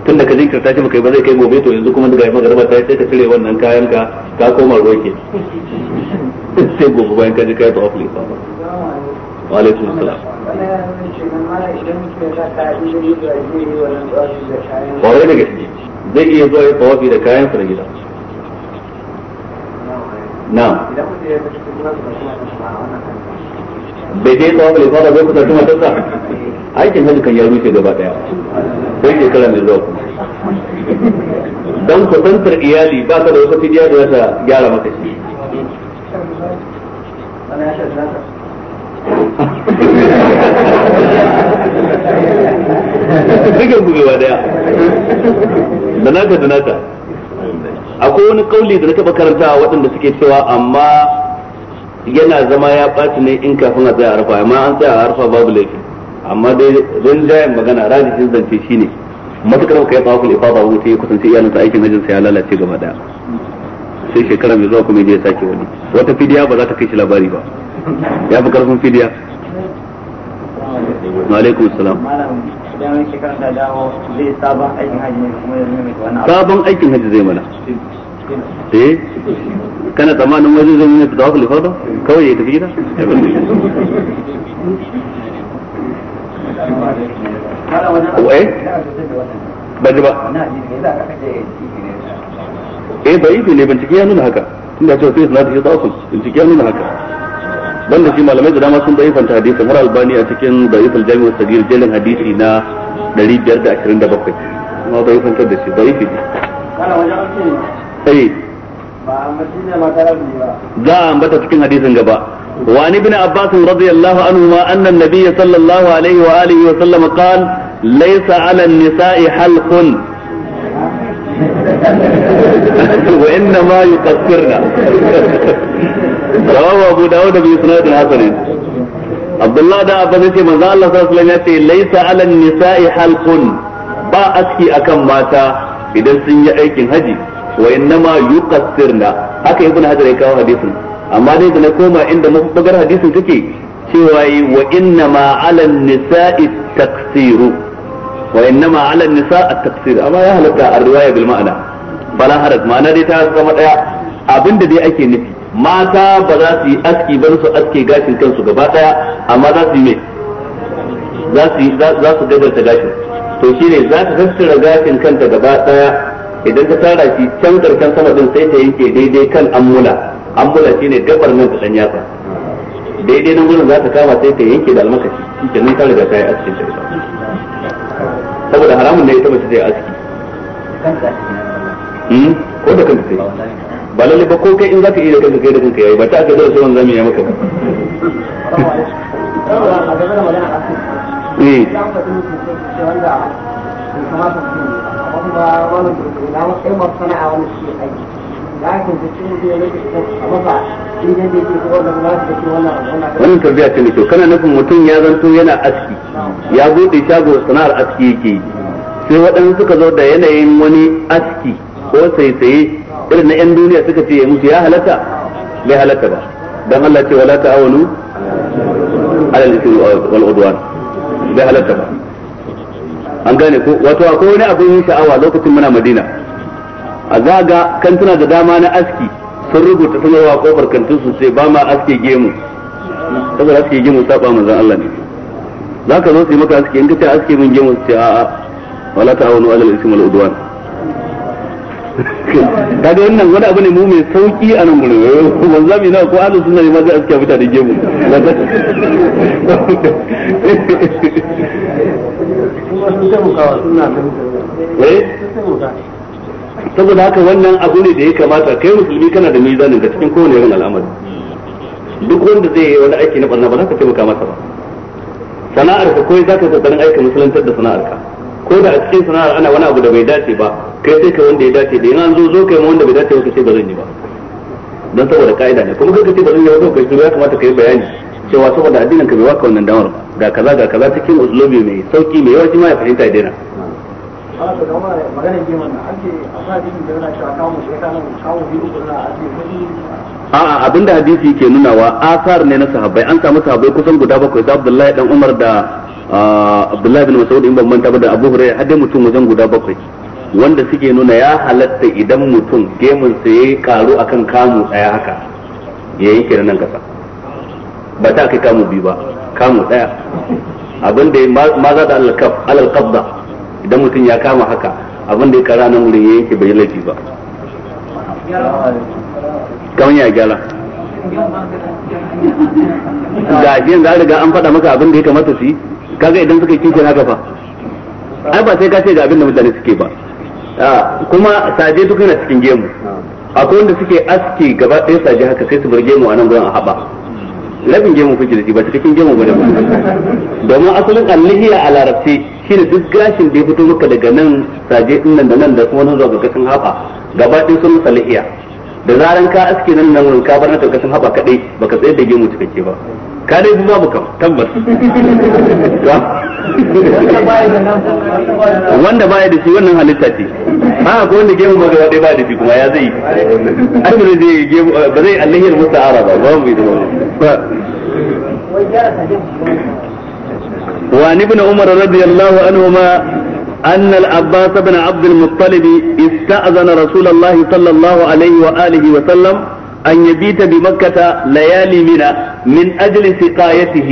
tun da ka jinkirta shi baka yi ba zai kai gobe to yanzu kuma daga garba ta sai ka cire wannan kayan ka ka koma ke sai gobe bayan ka ji kai tawaf lifa wa alaikum assalam kwarai da gaske zai iya zuwa ya tawafi da kayan sa gida na bai je tawaf lifa da zai kusa tuma tasa aikin hajji kan ya rushe gaba daya sai shekara mai zuwa dan kusantar iyali ba ta da wata fidiya da ta gyara maka shi Duka gubewa daya da naka da naka akwai wani kauli da na taɓa a waɗanda suke cewa amma yana zama ya ɓaci ne in kafin a tsaye a harfa amma an tsaye a harfa babu laifi amma dai rinjayen magana rajihin zance ne matukar ka yi ifa ba wuce ya kusance iyalinsa aikin hajjin sa ya lalace gaba daya sai shekara mai zuwa kuma ya sake wani wata fidiya ba za ta kai shi labari ba ya fi karfin fidiya wa alaikum salam sabon aikin hajji zai mana eh kana tsammanin wajen zai mai ifa ba kawai ya tafi gida wai eh? ba ji ba eh yi ne bincike ya nuna haka inda cewa ya nuna haka banda shi malamai da dama sun hadisi har albani a cikin da'ifal jami'ar sagir jelin hadisi na 527 kuma da shi ba a ne eh. za a ambata cikin hadisin gaba وعن ابن عباس رضي الله عنهما أن النبي صلى الله عليه وآله وسلم قال ليس على النساء حلق وإنما يقصرن رواه أبو داود بإسناد حسن عبد الله دا عباس يقول ماذا الله صلى الله عليه وسلم ليس على النساء حلق با أسكي أكم ماتا إذا سنجا أيكين هجي وإنما يقصرن هكا ابن حجر يكاو حديثنا amma dai da na koma inda mafagar hadisin take cewa yi wa inna ma ala nisa'i taksiru wa inna ma ala nisa'i taksiru amma ya halatta a riwaya bil ma'ana bala haraj ma'ana dai ta zama daya abinda dai ake nufi mata ba za su yi aski ba su aske gashin kansu gaba daya amma za su yi me za su za su gajarta gashin to shine za ta tattara gashin kanta gaba daya idan ta tara shi can karkan sama din sai ta yanke daidai kan amula ambula ne gabar nan ta dan yatsa daidai nan gurin za ta kama sai ta yanke da almakashi kenan ta riga ta yi aski ta saboda haramun ne ita mace ta yi aski hmm? ko da kanta sai ba lalle ba ko kai in zaka iya da kanka kai da kanka yayi ba ta ka zo sai wannan zamu yi maka ba eh, eh. wannan tambaya ce mai kyau kana nufin mutum ya zanto yana aski ya bude shago sana'ar aski yake yi sai waɗansu suka zo da yanayin wani aski ko saisaye irin na 'yan duniya suka ce ya musu ya halatta bai halatta ba don Allah ce wala ta'awanu alal ismi wal udwan bai halatta ba an gane ko wato akwai wani abin sha'awa lokacin muna Madina a zaga kantuna da dama na aski sun rubuta sun yawa kofar kantin su sai ba ma aske gemu saboda aske gemu saba manzon Allah ne za ka zo su yi maka aske in ka ce aske min gemu su ce a'a wala ta ta'awunu alal ismi wal udwan kaga wannan wani abu ne mu mai sauki a nan gurin wanzu zami na ko alu sun ne ma zai aske fita da gemu eh saboda haka wannan abu ne da ya kamata kai musulmi kana da mizanin da cikin kowane irin al'amari duk wanda zai yi wani aiki na barna ba za ka taimaka masa ba sana'ar ka koyi za ka kokarin aika musulantar da sana'ar ka ko da a cikin sana'ar ana wani abu da bai dace ba kai sai ka wanda ya dace da yana zo zo kai ma wanda bai dace ba ce ba zan yi ba dan saboda kaida ne kuma kai ce ba zan yi ba kai shiru ya kamata ka yi bayani cewa saboda addinin ka bai waka wannan damar ga kaza ga kaza cikin uslubi mai sauki mai yawa shi ma ya fahimta daina haka ake a sa da yana kawo kawo biyu a'a abinda hadisi ke nunawa asar ne na sahabbai an samu sahabbai kusan guda bakwai da Abdullahi dan Umar da ah, Abdullahi bin Mas'ud in ban manta ba da Abu Hurairah hadda mutum wajen guda bakwai wanda suke nuna ya halatta idan mutum gemun sa yayi karu akan kamu daya haka ya kiran nan kasa ba ta kai kamu biyu ba kamu daya abinda ma za da alal idan mutum ya kama haka abin da ya kara nan wurin ya yanke bai laifi ba kawai ya gyara ga shi za riga an faɗa maka abin da ya kamata su yi kaga idan suka kishin haka fa ai ba sai ka ce ga abin da mutane suke ba kuma saje duk yana cikin gemu akwai wanda suke aski gaba ɗaya saje haka sai su bar gemu a nan gurin a haɓa labin gemu kuke da shi ba cikin gemu ba da domin asalin allihiya a larabci shi ne duk gashin da ya fito maka daga nan saje din nan da nan da kuma nan zuwa gaggasin hafa gaba ɗaya sun salihiya da zaran ka aske nan nan ka bar na gaggasin hafa kadai baka tsayar da gemu cikakke ba ka dai zuwa muka tabbas wanda baya da shi wannan halitta ce ba ko wanda gemu ba gaba ɗaya ba da shi kuma ya zai azumi zai gemu ba zai allahiyar musta'ara ba ba mu yi da wani وعن ابن عمر رضي الله عنهما أن العباس بن عبد المطلب استأذن رسول الله صلى الله عليه وآله وسلم أن يبيت بمكة ليالي منى من أجل سقايته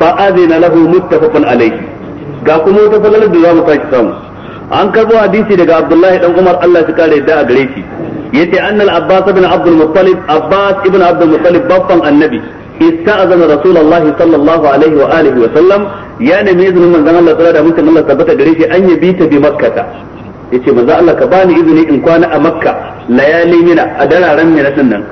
فأذن له متفق عليه ga kuma wata falalar da za mu sake samu an karbo hadisi daga Abdullahi dan Umar Allah ya kare da a gare shi yace annal Abbas ibn Abdul Abbas ibn Abdul baffan annabi ista'azana rasulullahi sallallahu alaihi wa alihi wa ya nemi izinin manzon Allah tsara da mutum Allah tabbata gare shi an yabi ta bi makkata yace manzon Allah ka bani izini in kwana a makka layali a dararen mina din nan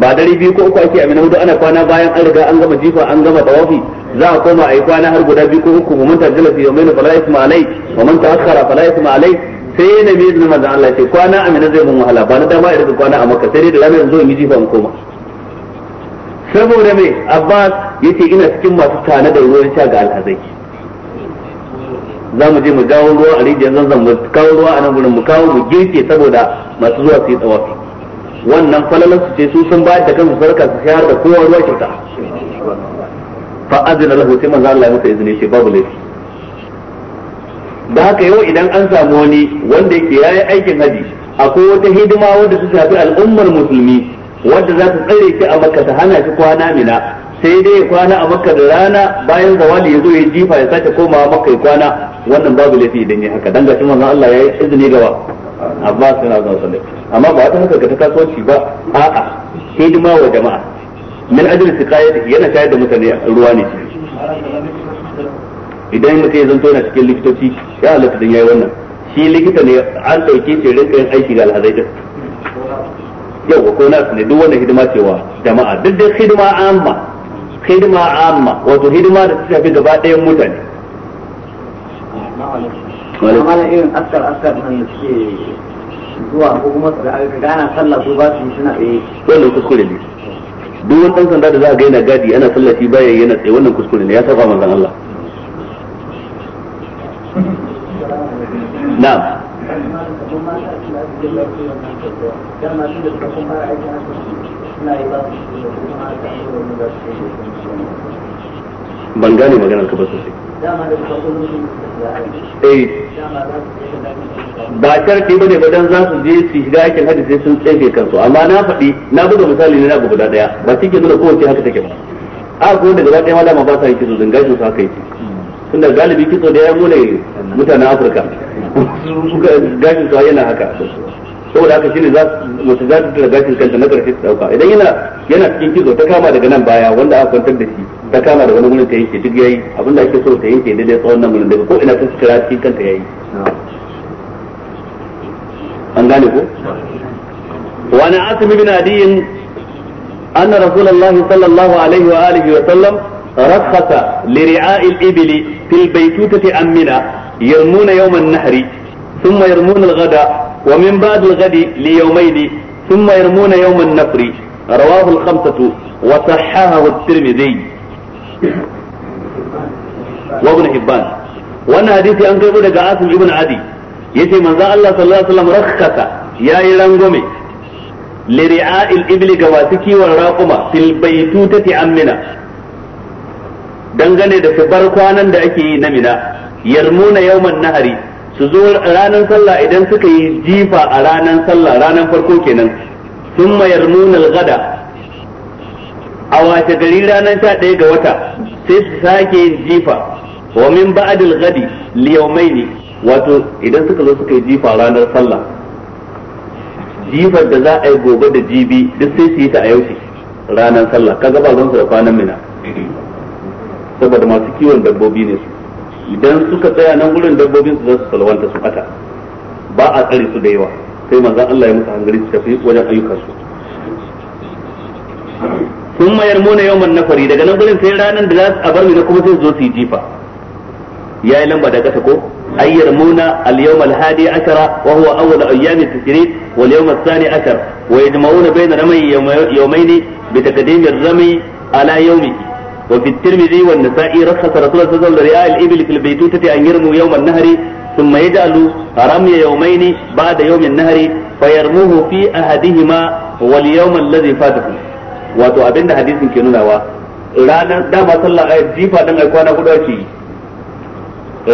ba dare biyu ko uku ake a mina hudu ana kwana bayan an riga an gama jifa an gama tawafi za a koma a yi kwana har guda biyu ko uku mu manta jala fi yawmaina fala isma alai wa man ta'akhkhara fala isma alai sai na bi izinin manzon Allah ce kwana a mina zai mun wahala ba na kwana a makka sai dai yi jifa mu saboda mai abbas ya ce ina cikin masu tana da ruwan sha ga alhazai za mu je mu dawo ruwa a rijiyar zanzan mu kawo ruwa a nan gudun mu kawo mu girke saboda masu zuwa su yi tsawafi wannan falalar su ce su sun bayar da kansu sarka su shayar da kowa ruwa kyauta fa azina lahu sai manzo Allah ya masa izini shi babu laifi da haka yau idan an samu wani wanda yake yayi aikin haji akwai wata hidima wanda su shafi al'ummar musulmi wanda za ta tsare shi a makka ta hana shi kwana mina sai dai ya kwana a makka da rana bayan zawali ya zo ya jifa ya sake komawa makka ya kwana wannan babu laifi idan ya haka dan shi manzon Allah ya yi izini ga wa Abbas sallallahu alaihi wasallam amma ba ta haka ga ta kasuwanci ba a'a hidima wa jama'a min ajli siqayati yana shayar da mutane ruwa ne idan mutum ya zanto yana cikin likitoci ya halatta dan yayi wannan shi likita ne an dauke shi rinkayin aiki ga alhazai yau ko na ne duk wannan hidima ce wa jama'a duk dai hidima amma hidima amma wato hidima da ta shafi gaba ɗayan mutane amma irin askar askar nan da zuwa ko kuma ba su yi suna kuskure ne duk sanda da za a ga yana gadi ana sallah shi baya yana tsaye wannan kuskure ne ya saba manzon Allah na'am ban gane maganar ka ba sosai eh ba sharti bane ba dan za su je su shiga aikin hajji sai sun tsefe kansu amma na faɗi na buga misali ne na abu guda daya ba shi ke nuna kowace haka take ba a ko da gaba ɗaya ma dama ba sa yi kitso zan gashin su haka yake tunda galibi kitso da ya mune mutanen Afirka gashin sa yana haka saboda haka shine za za ta gashin kanta na karshe ta yana yana cikin ta kama daga nan baya wanda aka kwantar da shi ta kama daga wani gurin ta yanke duk yayi abinda ake so ta yanke daidai tsawon nan gurin daga ko ina ta cikin kanta yayi an gane ko وعن عاصم بن عدي أن رسول الله صلى الله عليه وآله وسلم رخص لرعاء الإبل في البيتوتة أمنا yarmuna yawman nahri thumma yarmuna al-ghada wa min ba'd al-ghadi li yawmayn thumma yarmuna yawman nafri rawahu al-khamsatu wa sahahahu at-tirmidhi wa ibn hibban wannan an karbo daga asim ibn adi yace manzo Allah sallallahu alaihi wasallam rakkata yayi rangume لرعاء الإبل جواسكي والراقمة في البيتوتة أمنا dangane da su bar kwanan da ake yi na yarmuna yawman nahari su zo ranar sallah idan suka yi jifa a ranar sallah ranar farko kenan sun yarmuna al a wace gari ranar sha ɗaya ga wata sai su sake yin jifa wa min ba'dil ghadi ne. wato idan suka zo suka yi jifa ranar sallah jifar da za a yi gobe da jibi duk sai su yi ta a yau ranar sallah ka ba zan su da kwanan mina saboda masu kiwon dabbobi ne su idan suka tsaya nan gurin dabbobin su za su salwanta su ata ba a tsare su da yawa sai manzon Allah ya musu hankali su tafi wajen ayyuka su sun mayar muna man nafari daga nan gurin sai ranar da za su abar na kuma sai zo su yi jifa ya yi lamba da kasa ko ayyar muna al-yawm al-hadi ashara wa huwa awwal ayyami at-tashrik wal yawm ath-thani ashar wa yajma'una bayna ramay yawmayni bi taqdim ar rami ala yawmihi وفي الترمذي والنسائي رخص رسول الله صلى الله عليه وسلم لرعاء الإبل في البيتوتة أن يرموا يوم النهر ثم يجعل رمي يومين بعد يوم النهر فيرموه في أحدهما واليوم الذي فاته wato abinda hadisin ke nunawa ranar dama sallah a jifa dan ai kwana hudu ake yi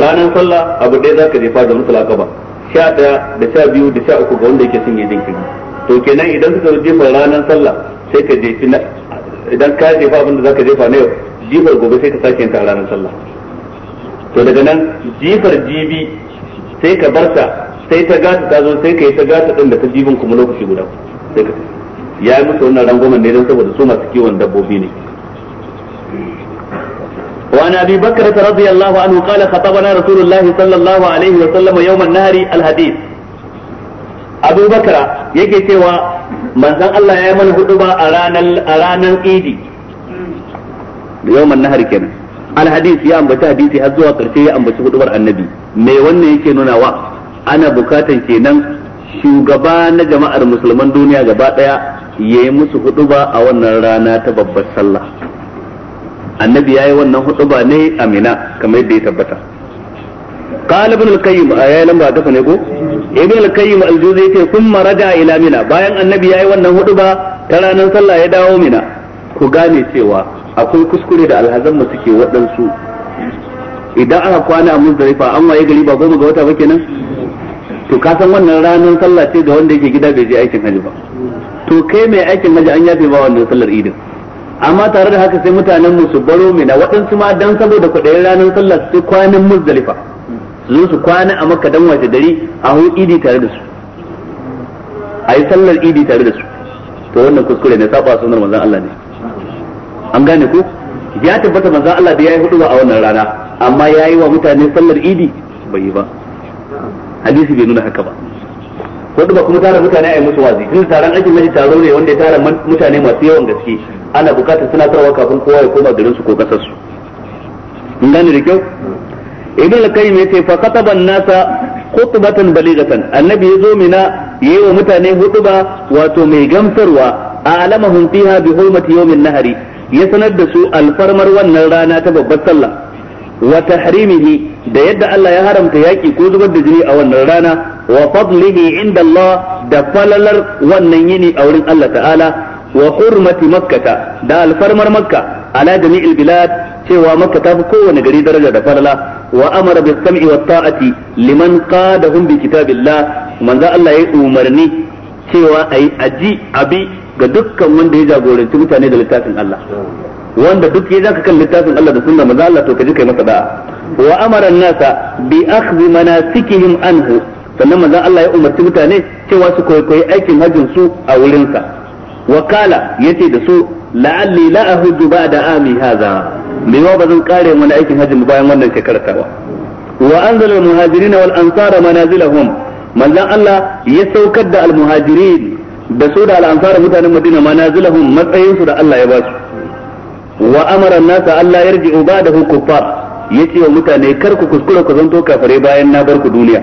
ranar sallah abu ɗaya zaka jefa da musul akaba sha ɗaya da sha biyu da sha uku ga wanda yake son ya jinkiri to kenan idan suka jefa ranar sallah sai ka jefi idan ka jefa abin da zaka jefa yau, jifar gobe sai ka sake yin ta a ranar sallah to daga nan jifar jibi sai ka barta sai ta gata ta zo sai ka yi ta gata din da ta jibin kuma lokaci guda sai ka ya yi musu wannan rangwamen ne don saboda su masu kiwon dabbobi ne وعن ابي بكر رضي الله عنه قال خطبنا رسول الله صلى الله عليه وسلم يوم النهر الحديث ابو بكر yake cewa manzan Allah ya yi mana hudu ba a ranar a ranar idi nahar kenan alhadis ya ambaci hadisi har zuwa karshe ya ambaci hudubar annabi me wannan yake nuna wa ana bukatan kenan shugaba na jama'ar musulman duniya gaba daya yayi musu huduba a wannan rana ta babbar sallah annabi yayi wannan huduba ne amina kamar yadda ya tabbata al-qayyim a القيم ta ne ko? ibn al-qayyim al-juzi ce kuma raja ila mina bayan annabi yayi wannan huduba ta ranar sallah ya dawo mina ku gane cewa akwai kuskure da alhazan mu suke waɗansu idan aka kwana a muzdalifa an waye gari ba goma ga wata ba kenan to ka san wannan ranar sallah ce ga wanda yake gida bai je aikin hajji ba to kai mai aikin hajji an yafe ba wannan sallar idin amma tare da haka sai mutanen mu su baro mina waɗansu ma dan saboda kuɗayen ranar sallah su kwanan muzdalifa zo su kwana a maka dan wace dare a hu idi tare da su a yi sallar idi tare da su to wannan kuskure ne saba sunan manzon Allah ne an gane ku ya tabbata manzon Allah da yayi hudu a wannan rana amma yayi wa mutane sallar idi bai yi ba hadisi bai nuna haka ba wanda ba kuma tara mutane a yi musu wazi tun taron aikin mai taro ne wanda ya tara mutane masu yawan gaske ana bukatar suna tarwa kafin kowa ya koma garin su ko kasar su in gane da kyau ibn al-qayyim yace fa khataba an-nasa khutbatan balighatan annabi yazo mina yayi wa mutane hutuba wato mai gamsarwa alamahum fiha bi hurmati yawmin nahari ya sanar da su alfarmar wannan rana ta babbar sallah wa tahrimihi da yadda Allah ya haramta yaki ko zubar da jini a wannan rana wa fadlihi inda Allah da falalar wannan yini a wurin Allah ta'ala wa hurmati makkata da alfarmar makka ala jami'il bilad cewa makka ta fi kowane gari daraja da falala wa amara bis sam'i wat ta'ati liman qadahum bi kitabillah manzo Allah ya umarni cewa ayi aji abi ga dukkan wanda ya jagoranci mutane da littafin Allah wanda duk ya zaka kan littafin Allah da sunna manzo Allah to kaji kai masa da'a wa amara an-nasa bi akhdhi manasikihim anhu sannan manzo Allah ya umarci mutane cewa su koyi aikin hajjin su a wurin sa. wakala yace da su a la ahudu ba'da ami hadha mai ba zan kare mana aikin hajji mu bayan wannan shekarar ba wa anzalal muhajirin wal ansara manazilahum manzon Allah ya saukar da al muhajirin da su da al ansara mutanen Madina manazilahum matsayin su da Allah ya ba su wa amara an-nasa Allah yarji'u ba'dahu kuffar yace wa mutane kar ku kuskura ku zanto kafare bayan na bar ku duniya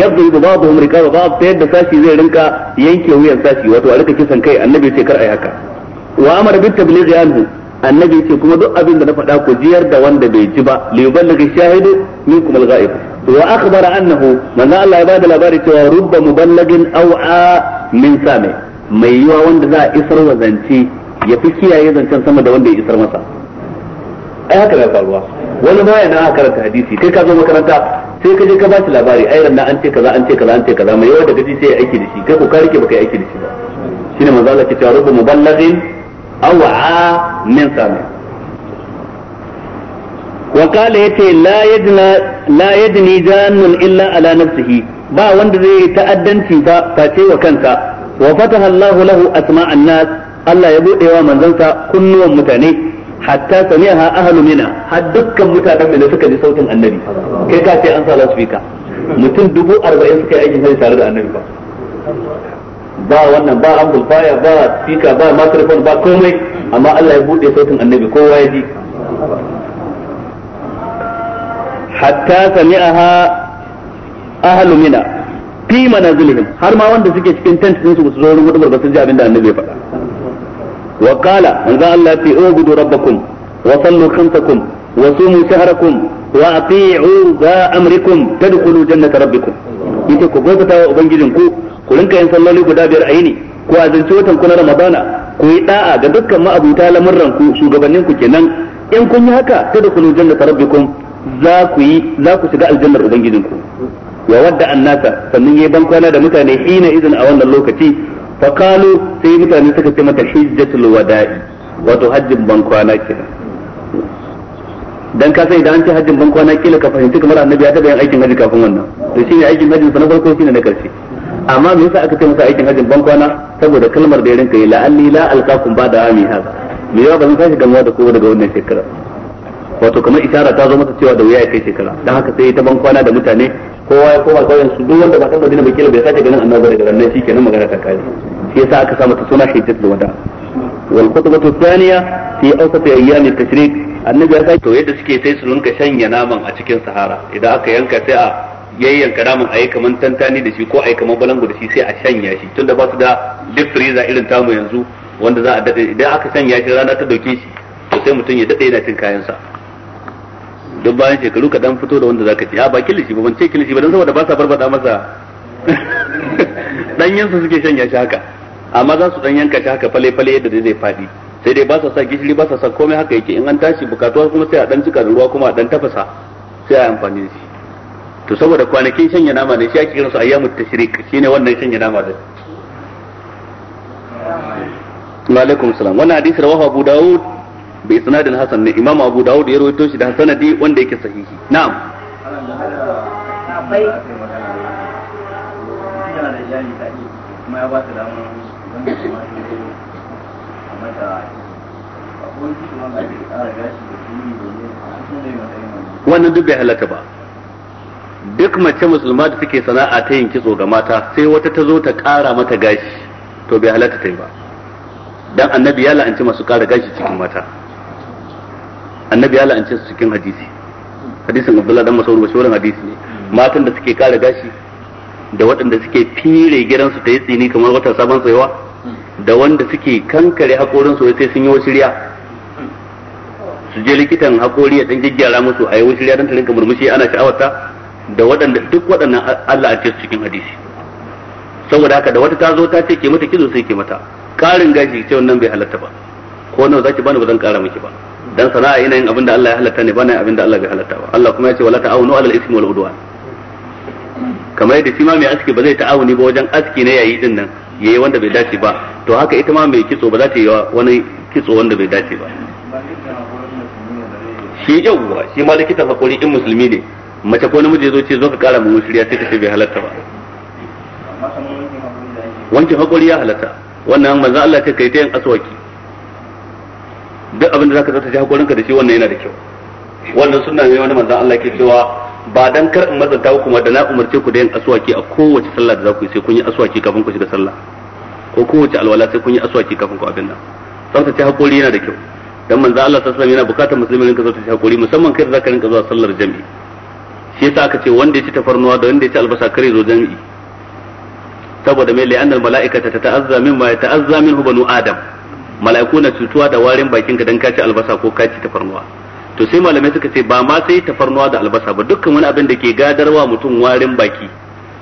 yadda ba ba umrika ba ta yadda sashi zai rinka yanke wuyan sashi wato a rika kisan kai annabi shekar kar haka wa amara bit tablighi anhu annabi ce kuma duk abin da na faɗa ku jiyar da wanda bai ji ba li yuballighi shahidu minkum al-ghaib wa akhbara annahu manzo Allah ya bada labari cewa rubba muballighin aw'a min sami mai yiwa wanda za a isar wa zance ya fi kiyaye zancen sama da wanda ya isar masa ai haka bai faruwa wani baya na aka karanta hadisi kai ka zo makaranta sai ka je ka ba shi labari ai ran an ce kaza an ce kaza an ce kaza mai yawa da gaji sai ya aiki da shi kai ko ka rike baka aiki da shi ba shine manzo Allah ke cewa rubba muballighin aw'a min sami wa kala yace la yadna la yadni illa ala nafsihi ba wanda zai yi ta'addanci ba face wa kansa wa fataha lahu asma'an nas Allah ya bude wa manzansa kunnuwan mutane hatta sami'aha ahlu mina har dukkan mutanen da suka ji sautin annabi kai ka ce an sa loudspeaker mutum dubu arba'in suka yi aikin hajji tare da annabi ba ba wannan ba ambul fire ba speaker ba microphone ba komai amma Allah ya bude sautin annabi kowa ya ji hatta sami'aha ahlu mina fi manazilihim har ma wanda suke cikin tent din su zo wurin hudubar ba sun ji abin da annabi ya faɗa wa qala manzo Allah fi ubudu rabbakum wa sallu khamsakum wa sumu shahrakum wa ati'u za amrikum tadkhulu jannata rabbikum yace ku bauta wa ku. ku rinka yin salloli guda biyar a yini ku zance watan ku na ramadana ku yi da'a ga dukkan ma'abuta lamurran ku shugabannin ku kenan in kun yi haka ta da kunu jannata rabbikum za ku yi za ku shiga aljannar ku wa wadda annasa sannan yayi bankwana da mutane hina izin a wannan lokaci fa qalu sai mutane suka ce mata hijjatul wada'i wato hajjin bankwana kwana kenan dan ka sai idan an ce hajjin bankwana kila ka fahimci kamar annabi ya taba yin aikin haji kafin wannan to shine aikin haji na farko shine na karshe amma me yasa aka ce masa aikin hajjin ban kwana saboda kalmar da ya rinka yi la'alli la alqakum ba da ami haka me yawa ba zan tashi gamuwa da kowa daga wannan shekara wato kamar isara ta zo mata cewa da wuya ya kai shekara dan haka sai ta ban kwana da mutane kowa ya koma kauyen su duk wanda ba san Madina bai kila bai sake ganin annabi daga ranar shikenan magana ta kare shi yasa aka sa mata suna da wada wal khutbatu thaniya fi awsat ayyam at-tashrik annabi ya sai to yadda suke sai su rinka shanya naman a cikin sahara idan aka yanka sai a karamin a ayi kaman tantani da shi ko ayi kaman balangu da shi sai a shanya shi tun da ba su da deep freezer irin tamu yanzu wanda za a dade idan aka shanya shi rana ta dauke shi to sai mutum ya dade yana cin kayan sa duk bayan shekaru ka dan fito da wanda zaka ci a ba kilishi ba ban ce kilishi ba dan saboda ba sa barbada masa ɗanyen su suke shanya shi haka amma za su dan yanka shi haka fale fale yadda zai fadi sai dai ba sa sa gishiri ba sa sa komai haka yake in an tashi bukatuwa kuma sai a dan cika da ruwa kuma a dan tafasa sai a amfani da shi to saboda kwanakin shanya nama ne shi ake kiransu ayyamu tashrik shine wannan shanya nama din alaikum salam wannan hadisi rawahu abu daud bi isnadin hasan ne imam abu daud ya rawaito shi da sanadi wanda yake sahihi na'am wannan duk bai halatta ba duk mace musulma da take sana'a ta yin kitso ga mata sai wata ta zo ta ƙara mata gashi to bai halatta ta yi ba dan annabi ya la'anci masu ƙara gashi cikin mata annabi ya la'anci su cikin hadisi hadisin abdullahi dan masauru bashi wurin hadisi ne matan da suke ƙara gashi da waɗanda suke fire gidansu ta yi tsini kamar wata sabon tsayawa da wanda suke kankare su sai sun yi wasu riya su je likitan haƙori ya dan gyaggyara musu a yi wasu riya dan ta rinka murmushi ana sha'awarta da waɗanda duk waɗannan Allah a cikin cikin hadisi saboda haka da wata ta zo ta ce ke mata kizo sai ke mata ƙarin gaji ce wannan bai halatta ba ko nawa zaki bani ba zan ƙara miki ba dan sana'a ina yin abin da Allah ya halatta ne na yin abin da Allah bai halatta ba Allah kuma ya ce wala ta'awunu alal ismi wal udwan kamar yadda shi ma mai aski ba zai ta'awuni ba wajen aski na yayi din nan yayi wanda bai dace ba to haka ita ma mai kitso ba za ta yi wani kitso wanda bai dace ba shi yawwa shi ma likitan hakuri in musulmi ne mace ko namiji ya zo ce zo ka kara mun shirya sai ka ce bai halatta ba wanke hakuri ya halatta wannan manzo Allah ce kai ta yin aswaki duk abin da zaka zata ji ka da shi wannan yana da kyau wannan sunna ne wani manzo Allah ke cewa ba dan kar in mazanta ku kuma da na umarce ku da yin aswaki a kowace sallah da za ku yi sai kun yi aswaki kafin ku shiga sallah ko kowace alwala sai kun yi aswaki kafin ku abin nan tsaftace hakuri yana da kyau dan manzo Allah sallallahu alaihi wasallam yana bukatar musulmi rinka tsaftace hakuri musamman kai da zaka rinka zuwa sallar jami'i shi yasa aka ce wanda ya ci tafarnuwa da wanda ya ci albasa kare zo jami'i saboda mai la'annal mala'ikata ta ta'azza ma ya ta'azza hu banu adam mala'iku na cutuwa da warin bakin ka dan ka ci albasa ko ka ci tafarnuwa to sai malamai suka ce ba ma sai tafarnuwa da albasa ba dukkan wani abin da ke gadarwa mutum warin baki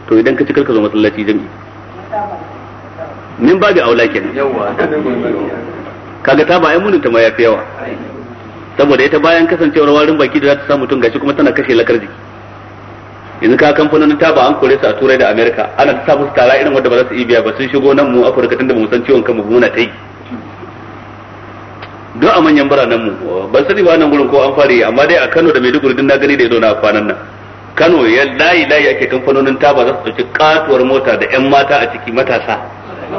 to idan ka ci karka zo masallaci jami'i min babu aula kenan kaga ta ba ai munin ta ma yafi yawa saboda ita bayan kasancewar warin baki da za ta sa mutum gashi kuma tana kashe lakar jiki yanzu ka kamfanonin taba an kore su a turai da amerika ana ta samu tara irin wanda ba za su iya biya ba sun shigo nan mu afirka tunda ba mu san ciwon kanmu muna ta yi don a manyan biranen mu ban sani ba nan gurin ko an fara yi amma dai a kano da maiduguri din na gani da ido na kwanan nan kano ya layi layi ake kamfanonin taba za su ɗauki katuwar mota da yan mata a ciki matasa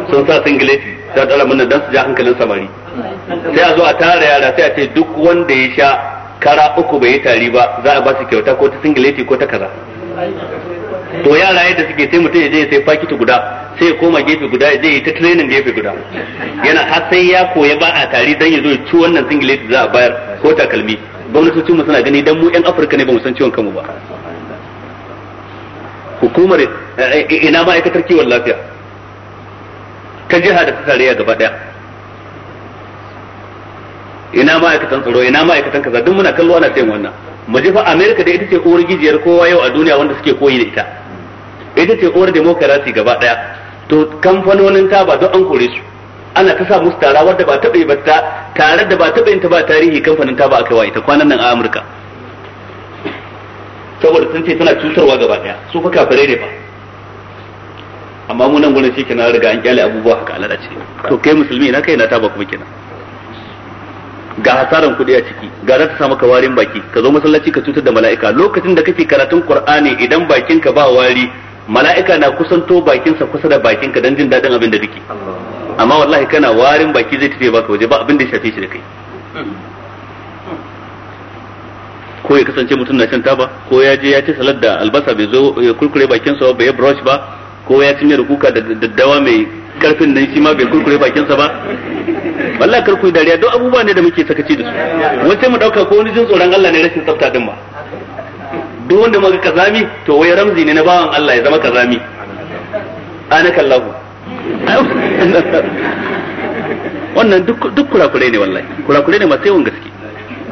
sun sa singileti ta tsara mana dan su ja hankalin samari sai a zo a tara yara sai a ce duk wanda ya sha kara uku bai yi tari ba za a ba su kyauta ko ta singileti ko ta kaza to yara yadda suke sai mutum ya je sai fakiti guda sai ya koma gefe guda ya je yi ta training gefe guda yana har sai ya koya ba a tari dan ya zo ci wannan singlet za a bayar ko takalmi gwamnatocin mu suna gani dan mu yan afirka ne ba mu san ciwon kanmu ba hukumar eh, ina ma'aikatar kiwon lafiya ta jiha da ta tarayya gaba daya ina ma'aikatan tsaro ina ma'aikatan kaza duk muna kallo ana sayan wannan mu ji fa America da ita ce uwar gijiyar kowa yau a duniya wanda suke koyi da ita ita ce uwar demokarasi gaba daya to kamfanonin ta ba don an kore su ana ta sa musu tara wadda ba taɓa yi ba ta tare da ba taɓa yin ta ba tarihi kamfanin ta ba aka wa ita kwanan nan a Amurka saboda sun ce tana cutarwa gaba daya su fa kafirai ne ba amma mu nan gurin shi kenan riga an kyale abubuwa haka ce to kai musulmi na kai na ta ba kuma kenan ga hasaran kuɗi a ciki ga za ta samu ka warin baki ka zo masallaci ka cutar da mala'ika lokacin da kake karatun qur'ani idan bakinka ba wari mala'ika na kusanto bakinsa kusa da bakinka don jin daɗin abin da duke amma wallahi kana warin baki zai tafi baka waje ba abin da ya shafe shi da kai ko ya kasance mutum na shan taba ko ya je ya ci salat da albasa bai zo ya kurkure bakinsa ba ya brush ba ko ya ci da kuka da daddawa mai karfin nan shi ma bai kurkure bakinsa ba wallahi kar ku yi dariya don abubuwa ne da muke sakaci da su wai sai mu dauka ko wani jin tsoron Allah ne rashin tsafta din ba duk wanda muka kazami to wai ramzi ne na bawan Allah ya zama kazami anakallahu wannan duk kurakure ne wallahi kurakure ne masu yawan gaske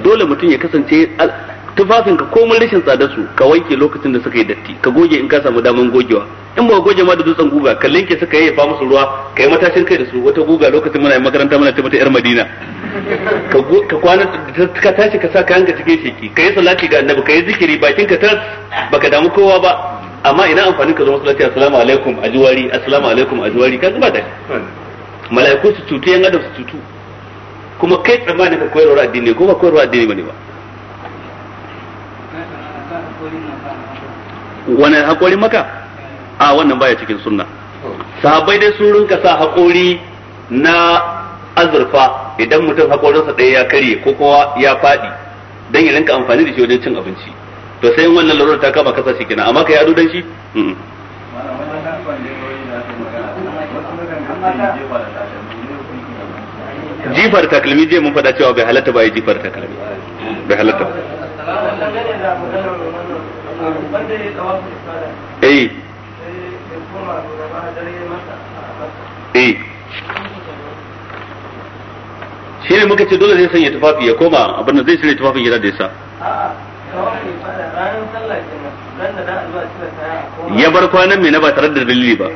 dole mutum ya kasance tufafin ka komai rashin tsada su ka wanke lokacin da suka yi datti ka goge in ka samu daman gogewa in ba goge ma da dutsen guga ka linke suka yi fa musu ruwa kai matashin kai da su wata guga lokacin muna makaranta muna ta yar Madina ka kwana ka tashi ka sa kayan ka cikin sheki ka yi salati ga annabi ka yi zikiri bakin ka tas baka damu kowa ba amma ina amfani ka zo masallaci assalamu alaikum ajuwari assalamu alaikum ajuwari ka zuba da mala'iku su cutu yan adam su cutu kuma kai tsammanin ka koyarwar addini ko ba addini bane ba wani haƙori maka a wannan baya cikin sunna sahabbai dai sun rinka sa haƙori na azurfa idan mutum haƙorinsa ɗaya ya karye ko kowa ya faɗi don ya rinka amfani da shi wajen cin abinci to sai wannan larurar ta kama kasa shi kenan amma ka yi dan shi jifar takalmi je mun faɗa cewa bai halatta ba ya jifar takalmi bai halatta eh eh shi ne muka ce dole zai sanya tufafi ya koma abin da zai shirya tufafin gida da ya sa ya bar kwanan mai na ba tare da dalili ba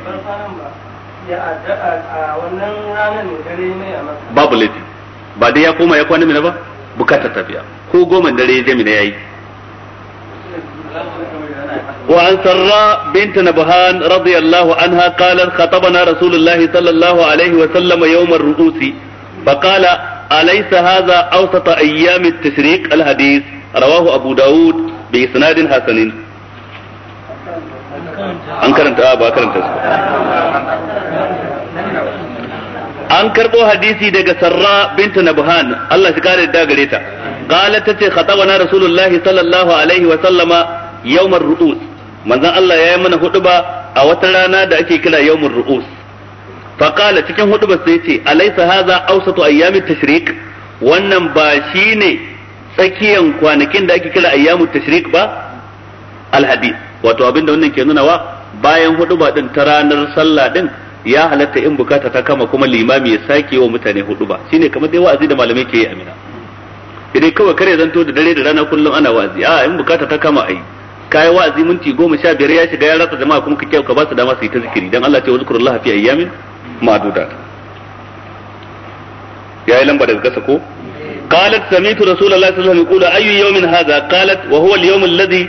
babu laifi ba dai ya koma ya kwanan mai na ba bukatar tafiya ko goma dare ya je mai na yayi وعن سراء بنت نبهان رضي الله عنها قالت خطبنا رسول الله صلى الله عليه وسلم يوم الرؤوس فقال أليس هذا أوسط أيام التشريق الحديث رواه أبو داود بإسناد حسن an karanta an karbo hadisi daga sarra binta nabhan Allah shi kare da gare ta tace khatawana rasulullahi sallallahu alaihi wa sallama yawmar ru'us manzon Allah ya yi mana huduba a wata rana da ake kira yawmar ru'us fa cikin hudubar sai yace alaysa hadha awsatu ayyamit tashrik wannan ba shine tsakiyan kwanakin da ake kira ayyamu tashrik ba alhadith wato abinda wannan ke nuna wa bayan huduba din ta ranar sallah din ya halatta in bukata ta kama kuma limami ya sake wa mutane huduba shine kamar dai wa'azi da malamai ke yi amina idan kawai kare zanto da dare da rana kullum ana wa'azi a in bukata ta kama ayi kayi wa minti goma sha biyar ya shiga ya rasa jama'a kuma ka ba su dama su yi ta zikiri dan Allah ce wa zikrul fi ayyamin ma'duda yayi lamba daga kasa ko qalat samitu rasulullahi sallallahu alaihi wasallam yaqulu yawmin hadha qalat wa huwa al-yawm alladhi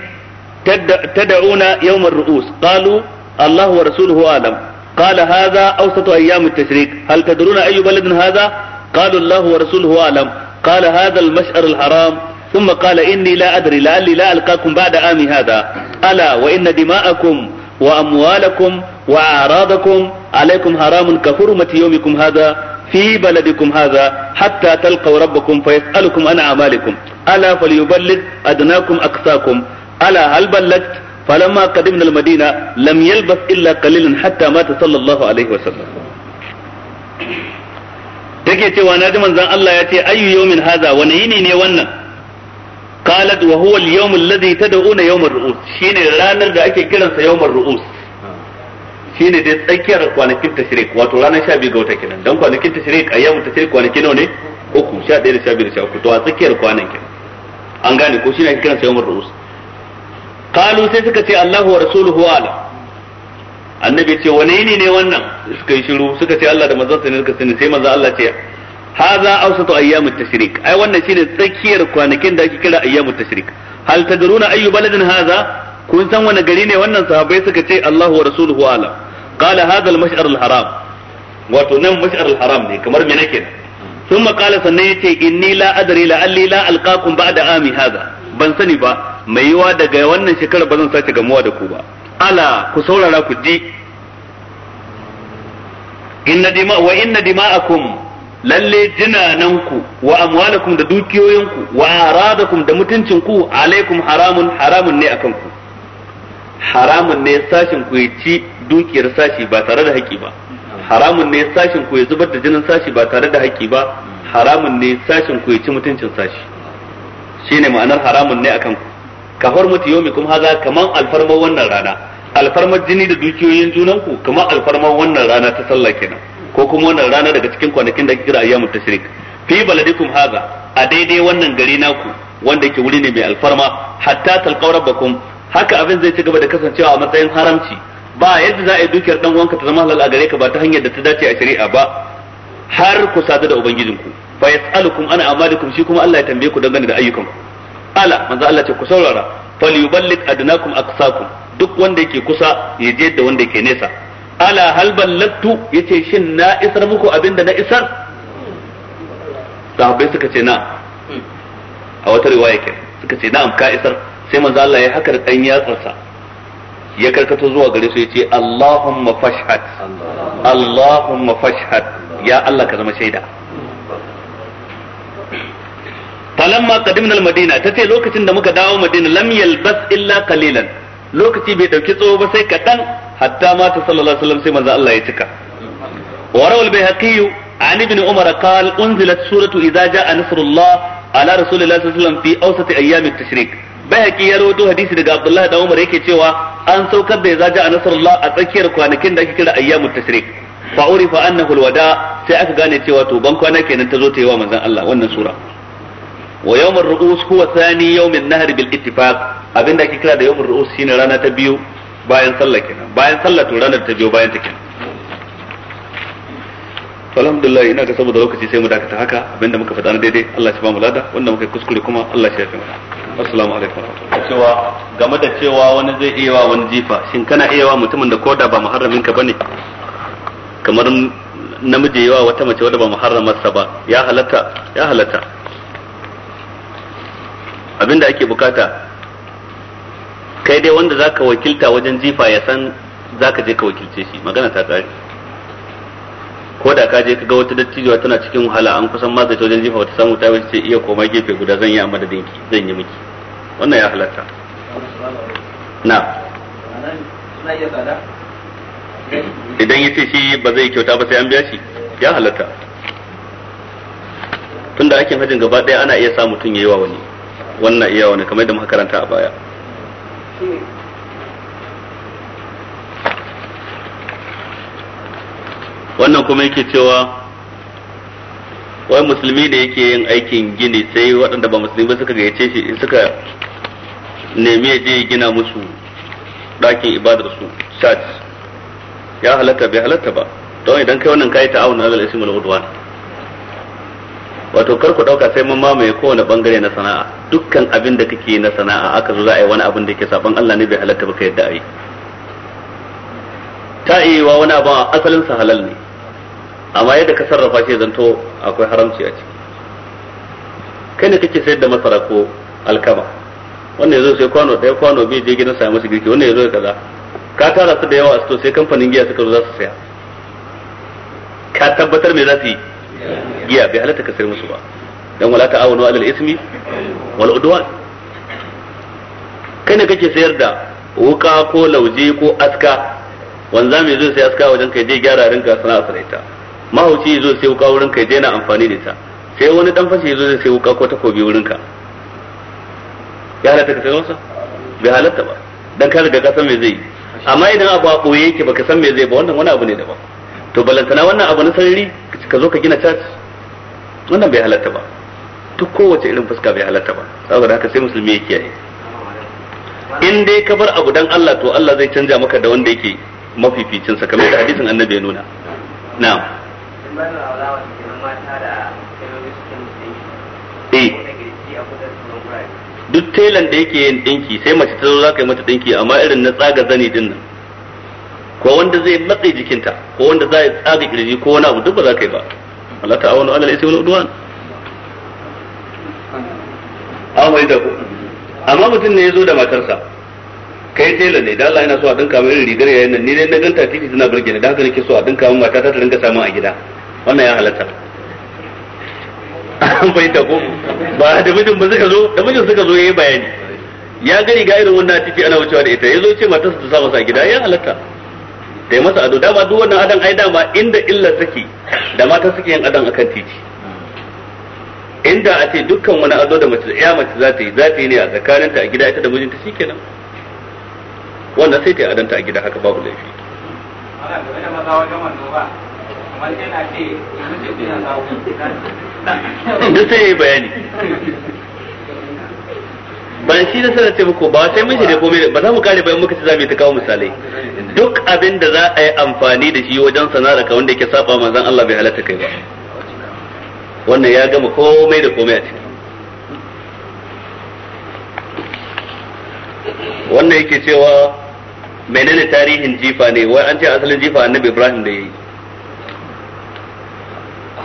tad'una ruus qalu Allah wa rasuluhu alam qala hadha awsatu ayyam at-tashriq hal tadruna ayyu baladin hadha qalu Allah wa rasuluhu alam qala hadha haram ثم قال إني لا أدري لعلي لا ألقاكم بعد عامي هذا ألا وإن دماءكم وأموالكم وأعراضكم عليكم حرام كحرمة يومكم هذا في بلدكم هذا حتى تلقوا ربكم فيسألكم عن أعمالكم ألا فليبلغ أدناكم أقصاكم ألا هل بلغت فلما قدمنا المدينة لم يلبث إلا قليلا حتى مات صلى الله عليه وسلم take cewa na ji manzon Allah ya ce ayyu yawmin haza wani yini ne wannan qalat wa huwa al-yawm alladhi tad'una yawm ar-ru'us shine ranar da ake kiransa yawm ar-ru'us shine dai tsakiyar kwanakin tashrik wato ranar 12 ga wata kenan dan kwanakin tashrik ayyamu tashrik kwanaki nawa ne uku 11 da 12 da 13 to a tsakiyar kwanan an gane ko shine ake kiransa yawm ar-ru'us qalu sai suka ce Allahu wa rasuluhu a'lam annabi ce wane ne ne wannan suka yi shiru suka ce Allah da manzon sa ne suka sani sai manzon Allah ce hadha awsatu ayyamut tashrik ai wannan shine tsakiyar kwanakin da ake kira ayyamut tashrik hal tadruna ayyu baladin hadha kun san wani gari ne wannan sahabbai suka ce Allahu wa rasuluhu alam qala hadha al al haram wato nan mash'ar al haram ne kamar me nake thumma qala sannan yace inni la adri la alli la alqakum ba'da ami hadha ban sani ba mai yiwa daga wannan shekarar ba zan sace gamuwa da ku ba ala ku saurara inna dima wa inna lalle jinananku wa amwalakum da dukiyoyinku wa aradakum da mutuncinku alaikum haramun haramun ne akan ku haramun ne sashin ku ci dukiyar sashi ba tare da haƙi ba haramun ne sashin ku zubar da jinin sashi ba tare da haƙi ba haramun ne sashin ku ci mutuncin sashi shine ma'anar haramun ne akan ku kafar mutu yomi kuma haza kaman alfarmar wannan rana alfarmar jini da dukiyoyin junanku kamar alfarmar wannan rana ta sallah kenan ko kuma wannan rana daga cikin kwanakin da kike kira ayyamut tashrik fi baladikum haza a daidai wannan gari naku wanda yake wuri ne mai alfarma hatta talqaw rabbakum haka abin zai ci gaba da kasancewa a matsayin haramci ba yadda za a yi dukiyar dan uwanka ta zama halal a gare ka ba ta hanyar da ta dace a shari'a ba har ku sadu da ubangijinku fa yas'alukum ana amalikum shi kuma Allah ya tambaye ku dangane da ayyukan ala manzo Allah ce ku saurara falyuballigh adnakum aqsakum duk wanda yake kusa ya je da wanda yake nesa ala hal ballagtu yace shin na isar muku abinda na isar sahabbai suka ce na a wata riwaya ke suka ce na'am ka isar sai manzo Allah ya haka da dan yatsarsa ya karkato zuwa gare su yace Allahumma fashhad Allahumma fashhad ya Allah ka zama shaida falamma qadimna al-madina tace lokacin da muka dawo madina lam yalbas illa qalilan lokaci bai dauki tsawo ba sai kaɗan hatta mata sallallahu alaihi wasallam sai manzo Allah ya cika wa rawal bayhaqi an ibn umar qala unzilat suratu idza jaa nasrullah ala rasulillahi sallallahu alaihi wasallam fi awsati ayyam tashrik bayhaqi ya rawaito hadisi daga abdullahi da umar yake cewa an saukar da idza jaa nasrullah a tsakiyar kwanakin da ake kira ayyam at-tashrik fa urifa annahu al sai aka gane cewa to ban kwana kenan ta zo ta yi wa manzon Allah wannan sura wa yawmar ru'us huwa thani yawmin nahr bil ittifaq abinda ake kira da yawmur ru'us shine rana ta biyu bayan sallah kenan bayan sallah to ranar ta biyu bayan ta kenan alhamdulillah ina ga saboda lokaci sai mu dakata haka abinda muka faɗa na daidai Allah shi ba mu lada wanda muka kuskure kuma Allah shi ya fi mana assalamu alaikum cewa game da cewa wani zai iya wa wani jifa shin kana iya wa mutumin da koda ba muharramin ka bane kamar namiji yawa wata mace wadda ba muharramarsa ba ya halatta ya halatta abinda ake bukata kai dai wanda zaka wakilta wajen jifa ya san zaka je ka wakilce shi magana ta tsari ko da ka je ka ga wata dattijuwa tana cikin wahala an kusan magance wajen jifa wata samu ta wuce iya koma gefe guda zan yi a madadin ki zan yi miki wannan ya halatta na idan ya ce shi ba zai kyauta ba sai an biya shi ya halatta tunda aikin hajjin gaba daya ana iya sa mutum ya wa wani wannan iya wani kamar da muka karanta a baya wannan kuma yake cewa wai musulmi da yake yin aikin gini sai waɗanda ba musulmi suka gayyace shi suka nemi ya je gina musu ɗakin ibadar su church ya halatta bai halatta ba don idan kai wannan kai ta'awun alal ismul udwan wato kar ku dauka sai mun mamaye kowane bangare na sana'a dukkan abin da kake na sana'a aka zo za a yi wani abin da yake saban Allah ne bai halatta baka yadda ai ta iya wani abin asalin sa halal ne amma yadda ka sarrafa shi zanto akwai haramci a ciki kai ne kake sayar da masara ko alkama wannan yazo sai kwano ɗaya kwano biyu je gidan sai masa girki wannan yazo kaza ka tara su da yawa a sai kamfanin giya suka zo za su saya ka tabbatar me za su yi giya bai halatta ka sayar musu ba dan wala awunu alal ismi wal udwan kai ne kake sayar da wuka ko lauje ko aska wanda mai zo sai aska wajen kai je gyara rinka sana'a sai ta mahauci zo sai wuka wurin kai je na amfani da ta sai wani dan fashi zo sai wuka ko takobi wurin ka ya halatta ka sayar musu bai halatta ba dan ka riga ka san me zai amma idan abu a boye yake baka san me zai ba wannan wani abu ne daban to balantana wannan abu na sarari ka zo ka gina church wannan bai halatta ba duk kowace irin fuska bai halatta ba saboda haka sai musulmi ya kiyaye in dai ka bar abu dan Allah to Allah zai canja maka da wanda yake mafificin sa kamar da hadisin annabi ya nuna na'am eh. duk telan da yake yin dinki sai mace ta zo za ka yi mata dinki amma irin na tsaga zani din nan ko wanda zai matsa jikinta ko wanda zai tsaga kirji ko wani abu duk ba za ka yi ba Allah ta'awanu alal ismi wani udwan amma da ku amma mutum ne ya zo da matarsa kai tela ne da Allah yana so a dinka mai rigar yayin nan ni dai na ganta titi tana burge ni da haka nake so a dinka min matata ta rinka samu a gida wannan ya halatta an bai ta ko ba da mijin ba suka zo da mijin suka zo yayi bayani ya gani ga irin wannan titi ana wucewa da ita yazo ce matarsa ta sa masa a gida ya halatta ta yi masa ado dama duk wannan adon ai dama inda illa take da mata suke yin adon akan titi inda a ce dukkan wani ado da mace ya mace za ta yi za ta yi ne a tsakaninta a gida ita da mijinta shikenan wannan sai ta yi adanta a gida haka babu laifi duk sai ya yi bayani ba shi da sanar ce muku ba sai mun shirya komai ba za mu kare bayan muka ci za ta kawo misalai duk abin da za a yi amfani da shi wajen sanar ka wanda yake saba manzon Allah bai halatta kai ba wannan ya gama komai da komai a ciki wannan yake cewa menene tarihin jifa ne wai an ce asalin jifa annabi Ibrahim da yayi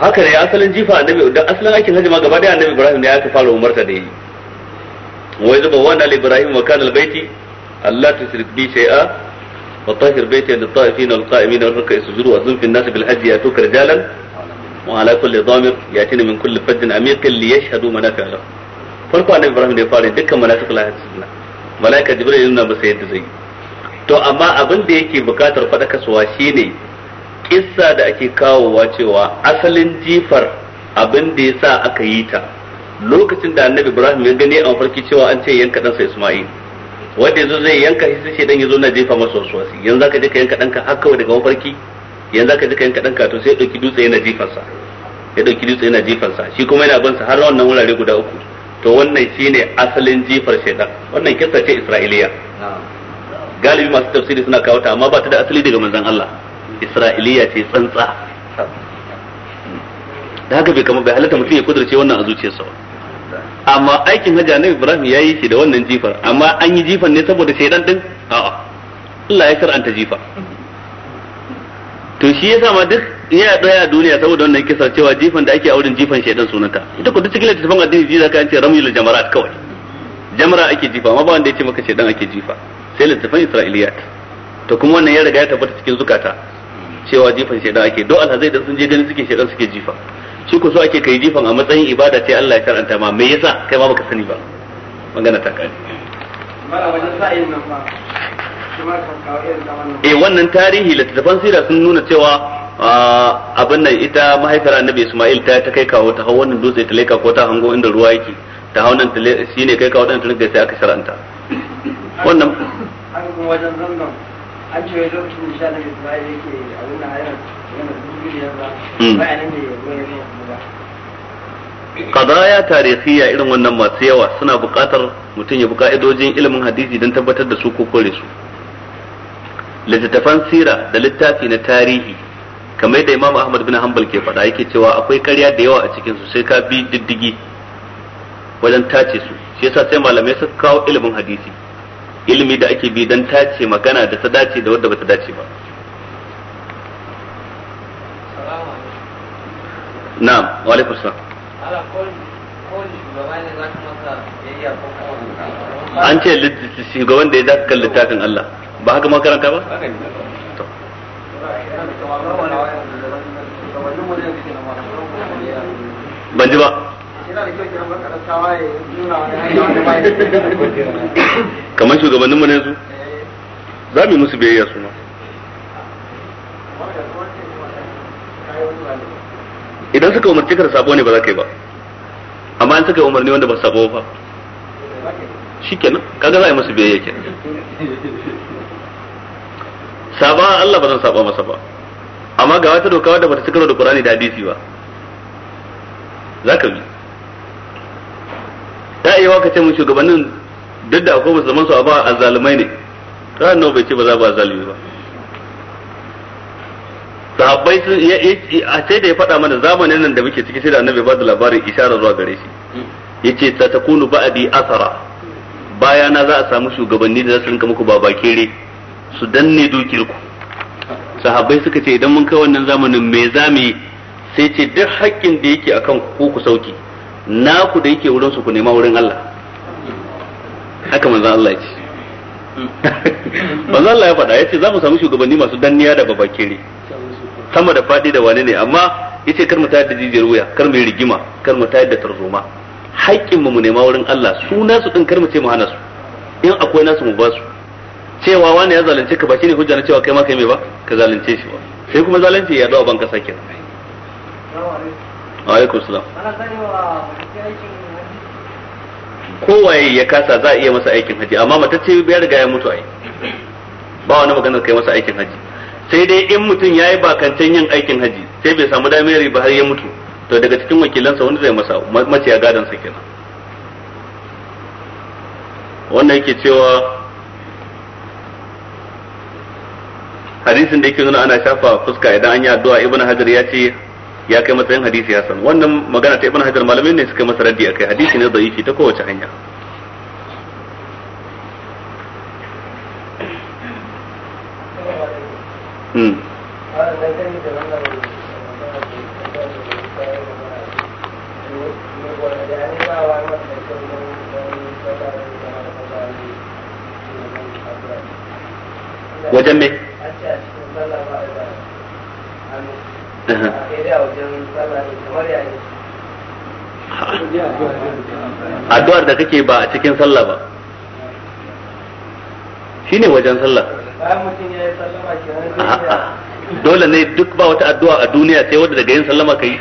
haka ne asalin jifa annabi da asalin aikin hajji ma gaba da annabi Ibrahim ne ka fara umarta da yayi wa yadba wa na ibrahim wa kana albayti allah tushrik bi shay'a wa tahir bayti lil ta'ifin wal qa'imin wa ruk'i sujud wa zun fi an-nas bil hajj yatuka jalan wa ala kulli damir yatina min kulli fajjin amiq li yashhadu manafi'a lahu farko annabi ibrahim da ya fara dukkan la hajj malaika jibril yana masa yadda zai to amma abin da yake bukatar fadakarwa shine kissa da ake kawowa cewa asalin jifar abin da ya sa aka yi ta lokacin da annabi ibrahim ya gani a mafarki cewa an ce yanka ɗansa isma'il wanda yanzu zai yanka shi sai dan yazo na jefa masa wasu yanzu ka je ka yanka ɗanka har kawai daga mafarki yanzu ka je ka yanka ɗanka to sai ya ɗauki dutse yana jifansa ya ɗauki dutse yana jifansa shi kuma yana bansa sa har wannan wurare guda uku to wannan shine asalin jifar shaidan wannan kissa ce isra'iliya galibi masu tafsiri suna kawo ta amma ba ta da asali daga manzon Allah isra'iliya ce tsantsa da haka bai kama bai halatta mutum ya kudurce wannan a zuciyarsa ba amma aikin hajji annabi Ibrahim ya yi shi da wannan jifar amma an yi jifan ne saboda shaidan din a'a Allah ya karanta jifa to shi yasa ma duk ya daya duniya saboda wannan kisar cewa jifan da ake a wurin jifan shaidan sunanta ita ko duk cikin littafin addini ji zaka ce ramyul jamarat kawai jamra ake jifa amma ba wanda ya ce maka shaidan ake jifa sai littafin isra'iliyat to kuma wannan ya riga ya tabbata cikin zukata cewa jifan shaidan ake do alhazai da sun je ganin suke shaidan suke jifa shi ku so ake kai jifan a matsayin ibada ce Allah ya karanta ma me yasa kai ma baka sani ba magana ta kare eh wannan tarihi littattafan sira sun nuna cewa abin nan ita mahaifar annabi Ismail ta ta kai kawo ta hawo wannan dutse ta leka ko ta hango inda ruwa yake ta hawo nan ta shine kai kawo dan ta rinka sai aka sharanta wannan an kuma wajen zannan an ce lokacin da shi annabi Ismail yake a wannan hayar yana kadaya hmm. tarihiya irin wannan masu yawa suna buƙatar mutum ya bi ka'idojin ilimin hadisi don tabbatar da su ko kore su littattafan sira da littafi na tarihi kamar yadda Imam Ahmad bin Hanbal ke faɗa yake cewa akwai karya da yawa a cikin su sai ka bi diddigi wajen tace su shi yasa sai malamai suka kawo ilimin hadisi ilimi da ake bi don tace magana da ta dace da wadda ta dace ba na'am wa alaikum an ce shugaban da ya dace kan littafin Allah ba haka makaranta ba ban ji ba kamar shugabannin mu ne su za mu yi musu biyayya su ma idan suka umarci ka da sabo ne ba za ka yi ba amma in suka umarni wanda ba sabo ba shikenan kaga za a yi masu biyayya ke saba Allah ba zan saba masa ba amma ga wata doka wadda bata cikar da Qur'ani da hadisi ba za ka bi ta iya ka ce mun shugabannin duk da akwai musulman su a ba zalimai ne ta bai ce ba za ba zalimi ba sahabbai sun a sai da ya faɗa mana zamanin nan da muke ciki sai da annabi ba da labarin isharar zuwa gare shi yace ta takunu bi asara baya na za a samu shugabanni da za su rinka muku babakere su danne dukirku sahabbai suka ce idan mun kai wannan zamanin me za mu yi sai ce duk haƙƙin da yake akan ku ku sauki naku da yake wurin su ku nema wurin Allah haka manzon Allah ya ce manzon Allah ya faɗa yace za mu samu shugabanni masu danniya da babakere sama da fadi da wane ne amma yace kar mu tayar da jijiyar wuya kar mu yi rigima kar mu tayar da tarzoma haƙƙin mu mu nema wurin Allah su nasu din kar mu ce mu hana su in akwai nasu mu ba su cewa wani ya zalunce ka ba ne hujja na cewa kai ma kai me ba ka zalunce shi ba sai kuma zalunci ya dawo banka sake alaikum salam kowaye ya kasa za a iya masa aikin haji amma matacce ya riga ya mutu ai ba wani maganar kai masa aikin haji sai dai in mutum ya yi bakantan yin aikin haji sai bai samu damar ba har ya mutu to daga cikin wakilansa wani zai masa maciya gadon sa kenan wannan yake cewa hadisin da yake nuna ana shafa fuska idan an yi addu'a ibnu hajar ya ce ya kai matsayin hadisi hasan wannan magana ta ibnu hajar malamai ne suka masa raddi akai hadisi ne yi ta kowace hanya Hmm. wajen me addu'ar da kake ba a cikin sallah ba shi ne wajen sallah dole ne duk ba wata addu'a a duniya sai wanda daga yin sallama kai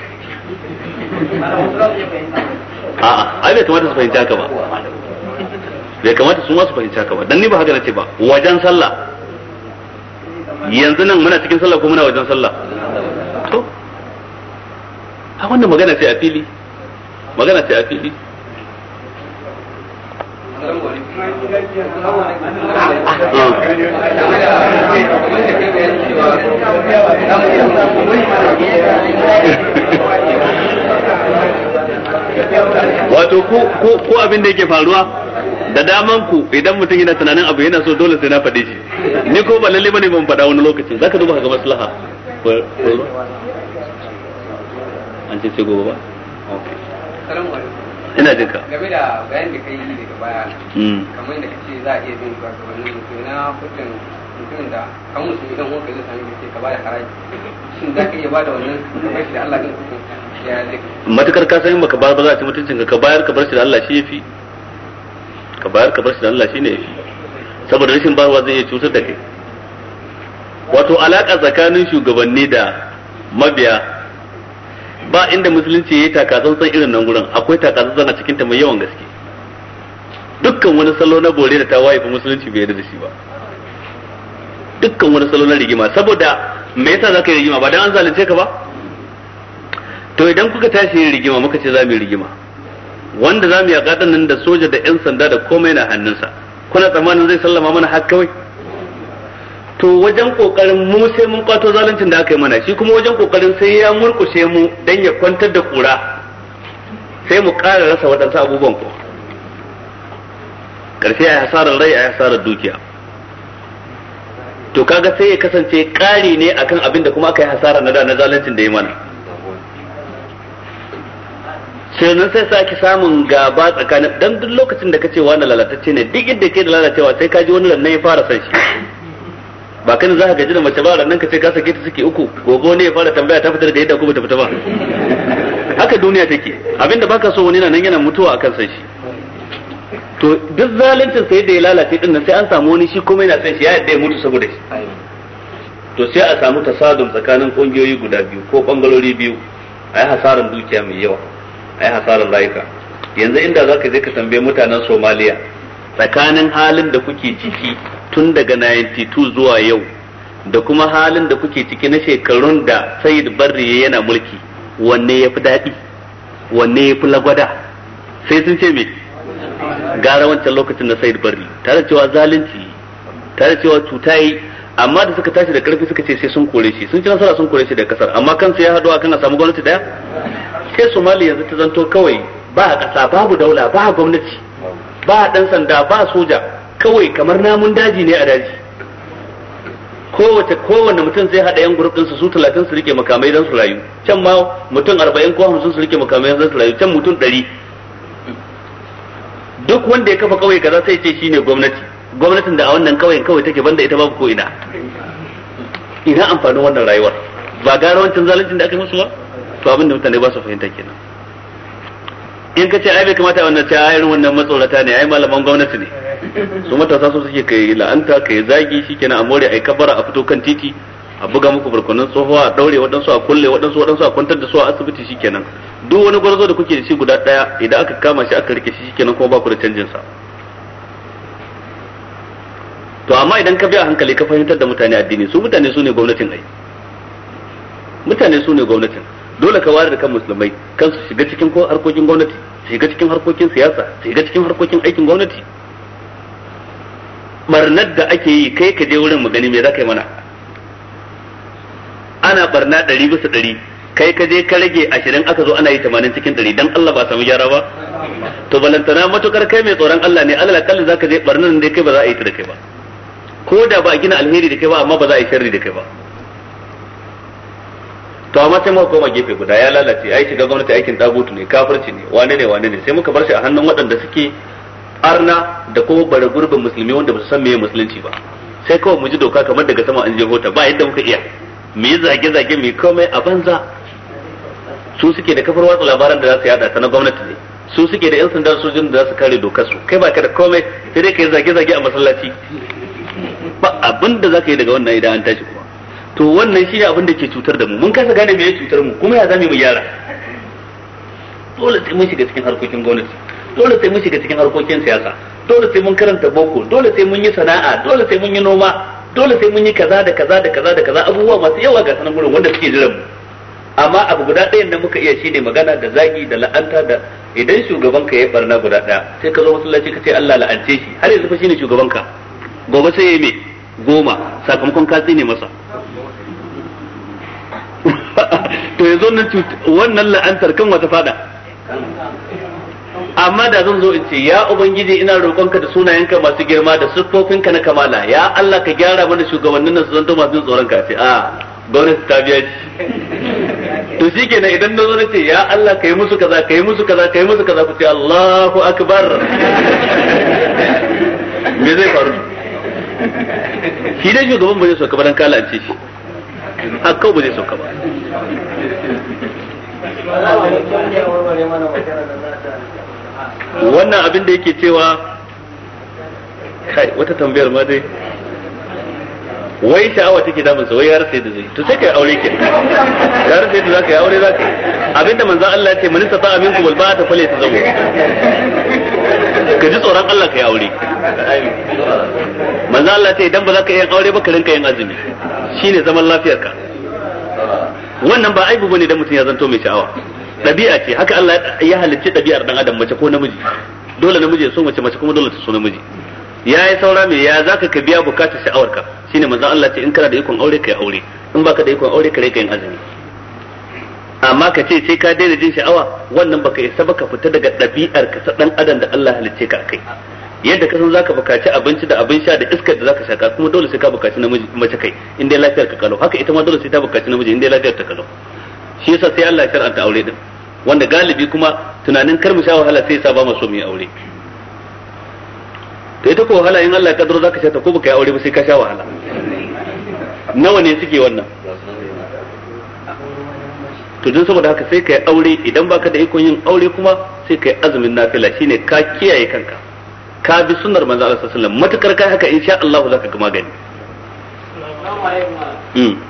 a'a ai bai kamata su fahimci haka ba bai kamata su ma su fahimci haka ba dan ni ba haka nace ba wajen sallah yanzu nan muna cikin sallah ko muna wajen sallah to a wannan magana ce a fili magana ce a fili wato ko abin da yake faruwa da daman ku idan mutum yana tunanin abu yana so dole sai na faɗe shi ni ko ba lalle bane ban faɗa wani lokacin zaka duba ka ga maslaha an ce ce gobe ba okay ina jinka game da bayan da kai daga baya hmm. kamar da kace za a iya bin ka shugabannin mutum na hukun mutum da kan musulmi dan wanka zai sami kace ka bada haraji shin za ka iya bada wannan kamar shi da Allah din matukar ka san baka bayar ba za a ci mutuncin ka bayar ka bar shi da Allah shi yafi ka bayar ka bar shi da Allah shi ne yafi saboda rashin bayarwa zai iya cutar da kai wato alaka tsakanin shugabanni da mabiya ba inda musulunci ya yi takatsantsan irin nan gurin akwai takatsantsan a cikin ta mai yawan gaske dukkan wani salo na bore da waye fa musulunci bai yarda da shi ba dukkan wani salo na rigima saboda me yasa zaka yi rigima ba dan an zalunce ka ba to idan kuka tashi yin rigima muka ce za mu yi rigima wanda za mu yaƙa nan da soja da 'yan sanda da komai na hannunsa kuna tsammanin zai sallama mana har kawai to wajen kokarin mu sai mun kwato zaluncin da aka yi mana shi kuma wajen kokarin sai ya murkushe mu dan ya kwantar da kura sai mu ƙara rasa waɗansu abubuwan ko ƙarshe a hasarar rai a hasarar dukiya to kaga sai ya kasance ƙari ne akan abin da kuma aka yi hasara na da na zaluncin da ya mana sannan sai sake samun gaba tsakanin dan duk lokacin da kace wani lalatacce ne duk inda ke da lalacewa sai ka ji wani lannan ya fara san shi ba kan za ka gaji da mace ba ranan ka ce ka sake ta suke uku gobe ne ya fara tambaya ta fita daga yadda ko ta fita ba haka duniya take abinda baka so wani nan yana mutuwa akan san shi to duk zaluncin sai da ya lalace din nan sai an samu wani shi kuma yana san shi ya yadda ya mutu saboda shi to sai a samu tasadum tsakanin kungiyoyi guda biyu ko bangalori biyu a yi hasaran dukiya mai yawa a yi hasaran rayuka yanzu inda za ka je ka tambaye mutanen somaliya tsakanin halin da kuke ciki tun daga 92 zuwa yau da kuma halin da kuke ciki na shekarun da Said Barri yana mulki wanne ya fi daɗi wanne ya fi lagwada sai sun ce me gara wancan lokacin na Said Barri tare cewa zalunci tare cewa cuta yi amma da suka tashi da karfi suka ce sai sun kore shi sun ci nasara sun kore shi da kasar amma kansu ya haɗu a kan a samu gwamnati daya sai Somali yanzu ta zanto kawai ba a ƙasa babu daula ba gwamnati ba dan sanda ba soja kawai kamar namun daji ne a daji kowace kowanne mutum zai haɗa yan gurbin su su talatin su rike makamai dan su rayu can ma mutum arba'in ko 50 su rike makamai dan su rayu can mutum ɗari duk wanda ya kafa kawai kaza sai ce shine gwamnati gwamnatin da a wannan kawai kawai take banda ita babu ko ina ina amfanin wannan rayuwar ba gara wancan zaluncin da aka musu ba to abin da mutane ba su fahimta kenan in ka ce ai bai kamata wannan ta irin wannan matsorata ne ai malaman gwamnati ne su matasa su suke kai la'anta kai zagi shikenan a more ai kabara a fito kan titi a buga muku barkonan tsohuwa a daure waɗansu a kulle waɗansu waɗansu a kwantar da su a asibiti shikenan duk wani gwarzo da kuke da shi guda ɗaya idan aka kama shi aka rike shi shikenan kuma ba ku da canjin sa to amma idan ka bi a hankali ka fahimtar da mutane addini su mutane su ne gwamnatin ai mutane su ne gwamnatin dole ka ware da kan musulmai kan su shiga cikin harkokin gwamnati shiga cikin harkokin siyasa shiga cikin harkokin aikin gwamnati barnar da ake yi kai ka je wurin mu gani me za ka yi mana ana barna ɗari bisa ɗari kai ka je ka rage ashirin aka zo ana yi tamanin cikin ɗari dan Allah ba samu gyara ba to balantana matukar kai mai tsoron Allah ne Allah kallon za ka je barnar da kai ba za a yi ta da kai ba ko da ba a gina alheri da kai ba amma ba za a yi sharri da kai ba to amma sai muka koma gefe guda ya lalace ai shiga gwamnati aikin dagutu ne kafirci ne wane ne wane ne sai muka bar shi a hannun waɗanda suke arna da kuma bare gurbin musulmi wanda ba su san meye musulunci ba sai kawai mu ji doka kamar daga sama an je hota ba yadda muka iya Me yi zage-zage me komai a banza su suke da kafar watsa labaran da za su yada ta na gwamnati ne su suke da 'yan sanda sojin da za su kare dokar su kai ba ka da komai sai dai ka yi zage-zage a masallaci ba abin da za ka yi daga wannan idan an tashi kuma to wannan shi ne abin da ke cutar da mu mun kasa gane me ya cutar mu kuma ya zame mu yara dole sai mun shiga cikin harkokin gwamnati dole sai mun shiga cikin harkokin siyasa dole sai mun karanta boko dole sai mun yi sana'a dole sai mun yi noma dole sai mun yi kaza da kaza da kaza da kaza abubuwa masu yawa ga sanan gurin wanda suke jiran mu amma abu guda ɗayan da muka iya shine magana da zagi da la'anta da idan shugaban ka ya barna guda ɗaya sai ka zo masallaci ka ce Allah la'ance shi har yanzu fa shine shugaban ka gobe sai ya goma sakamakon ka tsine masa to yanzu wannan wannan la'antar kan wata fada amma da zan zo in ce ya ubangiji ina roƙonka da sunayenka masu girma da siffofinka na kamala ya Allah ka gyara mana shugabannin nan su zanto masu tsoron ka ce a gwamnati ta biya shi to na idan na zo na ce ya Allah ka yi musu kaza ka yi musu kaza ka yi musu kaza ku ce Allahu akbar me zai faru shi dai shugaban ba zai sauka ba dan ce, shi hakka ba zai sauka ba wannan abin da yake cewa kai wata tambayar ma dai wai sha'awa take damun sa wai ya rasa yadda zai to sai kai aure ke ya rasa yadda zaka yi aure zaka abinda manzo Allah ya ce man istata ku al ba'ata fali tazawwaj ka ji tsoron Allah ka yi aure manzo Allah ya ce idan ba za ka yi aure ba ka rinka yin azumi shine zaman lafiyarka wannan ba aibu bane da mutum ya zanto mai sha'awa dabi'a ce haka Allah ya halicci dabi'ar dan adam mace ko namiji dole namiji ya so mace mace kuma dole ta so namiji ya yi saura me ya zaka ka biya bukatar sha'awarka shine manzo Allah ce in kana da ikon aure kai aure in baka da ikon aure ka kai azumi amma ka ce sai ka daina jin sha'awa wannan baka isa baka fita daga dabi'ar ka sa dan adam da Allah halicce ka akai yadda ka san zaka bukaci abinci da abin sha da iskar da zaka shaka kuma dole sai ka bukaci mace kai in dai lafiyar ka kalau haka ita ma dole sai ta bukaci namiji in dai lafiyar ta kalau shi yasa sai Allah ya karanta aure din wanda galibi kuma tunanin kar mu sha wahala sai yasa ba mu so mu yi aure to ita ko wahala in Allah ya kaddara zaka sha ta ko baka yi aure ba sai ka sha wahala nawa ne suke wannan to dun saboda haka sai kai aure idan baka da ikon yin aure kuma sai kai azumin nafila shine ka kiyaye kanka ka bi sunnar manzo Allah sallallahu alaihi wasallam matukar kai haka insha Allah zaka ga magani hmm.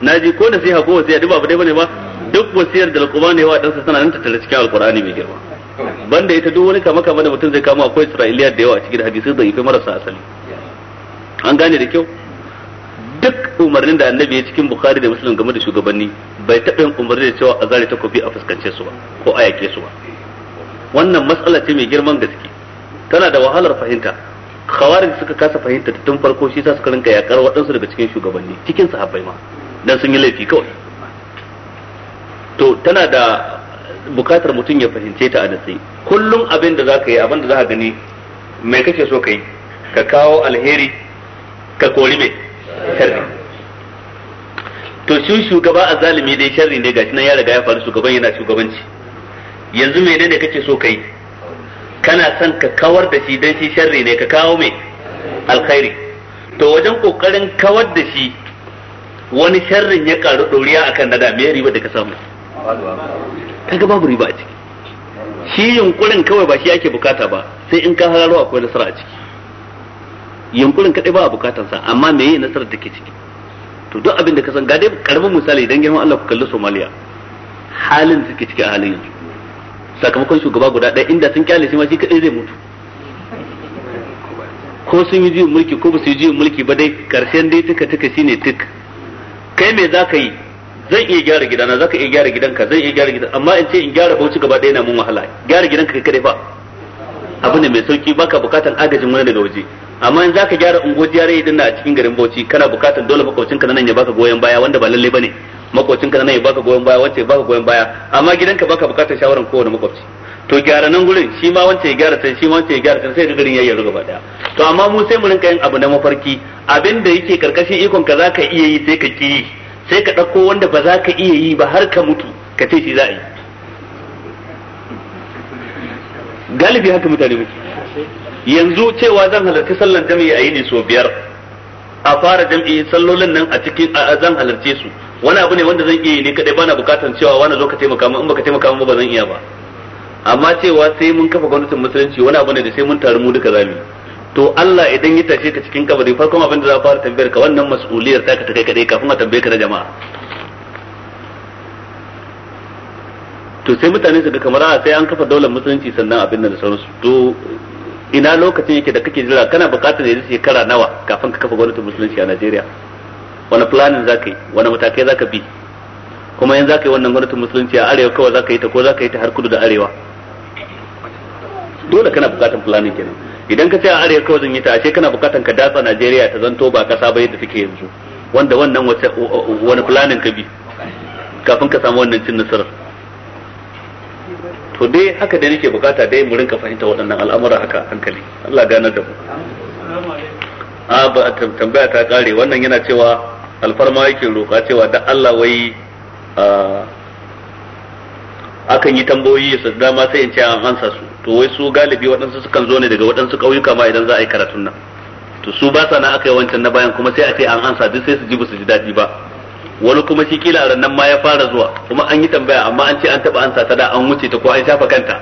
naji ko nasiha ko wasiya duk ba dai bane ba duk wasiyar da ne wa dan sa tana nan tattare cikin alqur'ani mai girma banda ita duk wani kama kama da mutum zai kama akwai isra'iliyat da yawa a cikin hadisi da ife marasa asali an gane da kyau duk umarnin da annabi ya cikin bukhari da muslim game da shugabanni bai taɓa yin umarni da cewa a zare takobi a fuskance su ba ko a yake su ba wannan matsala ce mai girman gaske tana da wahalar fahimta khawarij suka kasa fahimta tun farko shi sa suka rinka yakar waɗansu daga cikin shugabanni cikin sahabbai ma dan sun yi laifi kawai to tana da bukatar mutum ya fahimce ta a nasi kullum abin da zaka yi abin da zaka gani mai kake so ka yi ka kawo alheri ka kori mai sharri to shi shugaba a zalimi dai sharri ne gashi nan ya riga ya faru shugaban yana shugabanci yanzu ne kake so ka yi kana son ka kawar da shi dan shi sharri ne ka kawo mai alkhairi to wajen kokarin kawar da shi wani sharrin ya karu a kan nada mai riba da ka samu kaga babu riba a ciki shi yunkurin kawai ba shi ake bukata ba sai in ka hararo akwai nasara a ciki yunkurin kadai ba a bukatansa amma me yi nasarar da ke ciki to duk abin da ka san ga dai karamin misali idan girman Allah ku kalli Somalia halin suke ciki a halin yanzu sakamakon shugaba guda ɗaya inda sun kyale shi ma shi kadai zai mutu ko sun yi juyin mulki ko ba su yi juyin mulki ba dai karshen dai tuka tuka shine tuk kai me za ka yi zan iya gyara gidana za ka iya gyara gidanka zan iya gyara gidanka amma in ce in gyara bauchi gaba ɗaya na mun wahala gyara gidanka kai kadai fa abu ne mai sauki baka bukatan agajin wani daga waje amma in za ka gyara ungoji yi idan a cikin garin Bauchi kana bukatan dole makocinka nan ya baka goyon baya wanda ba lalle ne makocinka nan ya baka goyon baya wacce baka goyon baya amma gidanka baka bukatan shawaran kowane makwabci to gyara nan gurin shi ma wancan ya gyara sai shi ma wancan ya gyara sai garin ya yaru gaba daya to amma mu sai mu rinka yin abu na mafarki abin da yake karkashin ikon ka zaka iya yi sai ka ki sai ka dauko wanda ba za ka iya yi ba har ka mutu ka ce shi za a yi galibi haka mutane muke yanzu cewa zan halarci sallan jami'i a yi ne so biyar a fara jam'i sallolin nan a cikin a zan halarce su wani abu ne wanda zan iya yi ne kadai bana bukatan cewa wani zo ka taimaka min in baka taimaka min ba zan iya ba amma cewa sai mun kafa gwamnatin musulunci wani abu ne da sai mun taru mu duka zamu to Allah idan ya tashe ka cikin kabari farkon abin da za a fara tambayar ka wannan mas'uliyar ta ka ta kai kadai kafin a tambaye ka na jama'a to sai mutane su ga kamar a ah, sai an kafa daular musulunci sannan abin da sauransu to ina lokacin yake da kake jira kana bukatar yanzu shekara nawa kafin ka kafa gwamnatin musulunci a Najeriya wani planning zaka yi wani matakai zaka bi kuma yanzu zaka yi wannan gwamnatin musulunci a arewa kawai zaka yi ta ko zaka yi ta har kudu da arewa dole kana bukatan planning kenan idan ka ce a arewa kawai zan yi ta ashe kana bukatan ka dasa Najeriya ta zanto ba kasa ba yadda take yanzu wanda wannan wani planning ka bi kafin ka samu wannan cin nasarar to dai haka da nake bukata dai mu rinka fahimta waɗannan al'amura haka hankali Allah ganar da mu a ah, ba tambaya ta kare wannan yana cewa alfarma yake roƙa cewa da Allah wai akan yi tambayoyi su dama sai in ce an ansa su to wai su galibi waɗansu sukan zo ne daga waɗansu ƙauyuka ma idan za a yi karatun nan to su ba sa na aka yi wancan na bayan kuma sai a ce an ansa duk sai su ji ba su ji daɗi ba wani kuma shi kila ran nan ma ya fara zuwa kuma an yi tambaya amma an ce an taba ansa ta da an wuce ta ko an shafa kanta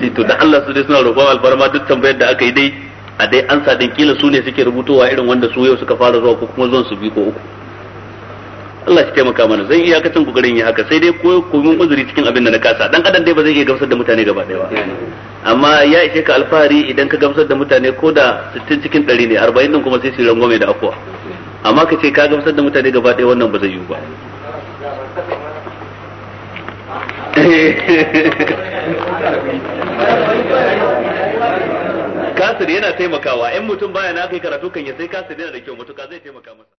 sai to da Allah su dai suna roƙon alfarma duk tambayar da aka yi dai a dai ansa din kila su ne suke rubutowa irin wanda su yau suka fara zuwa ko kuma zuwan su biyu ko uku Allah shi taimaka mana zan iya kacin garin yi haka sai dai ko komin uzuri cikin abin da na kasa dan adam dai ba zai iya gamsar da mutane gaba daya ba amma ya ishe ka alfahari idan ka gamsar da mutane ko da 60 cikin 100 ne 40 din kuma sai su rangwame da afuwa amma ka ce ka gamsar da mutane gaba daya wannan ba zai yiwu ba kasir yana taimakawa in mutum baya na kai karatu kan ya sai kasir yana da kyau mutuka zai taimaka masa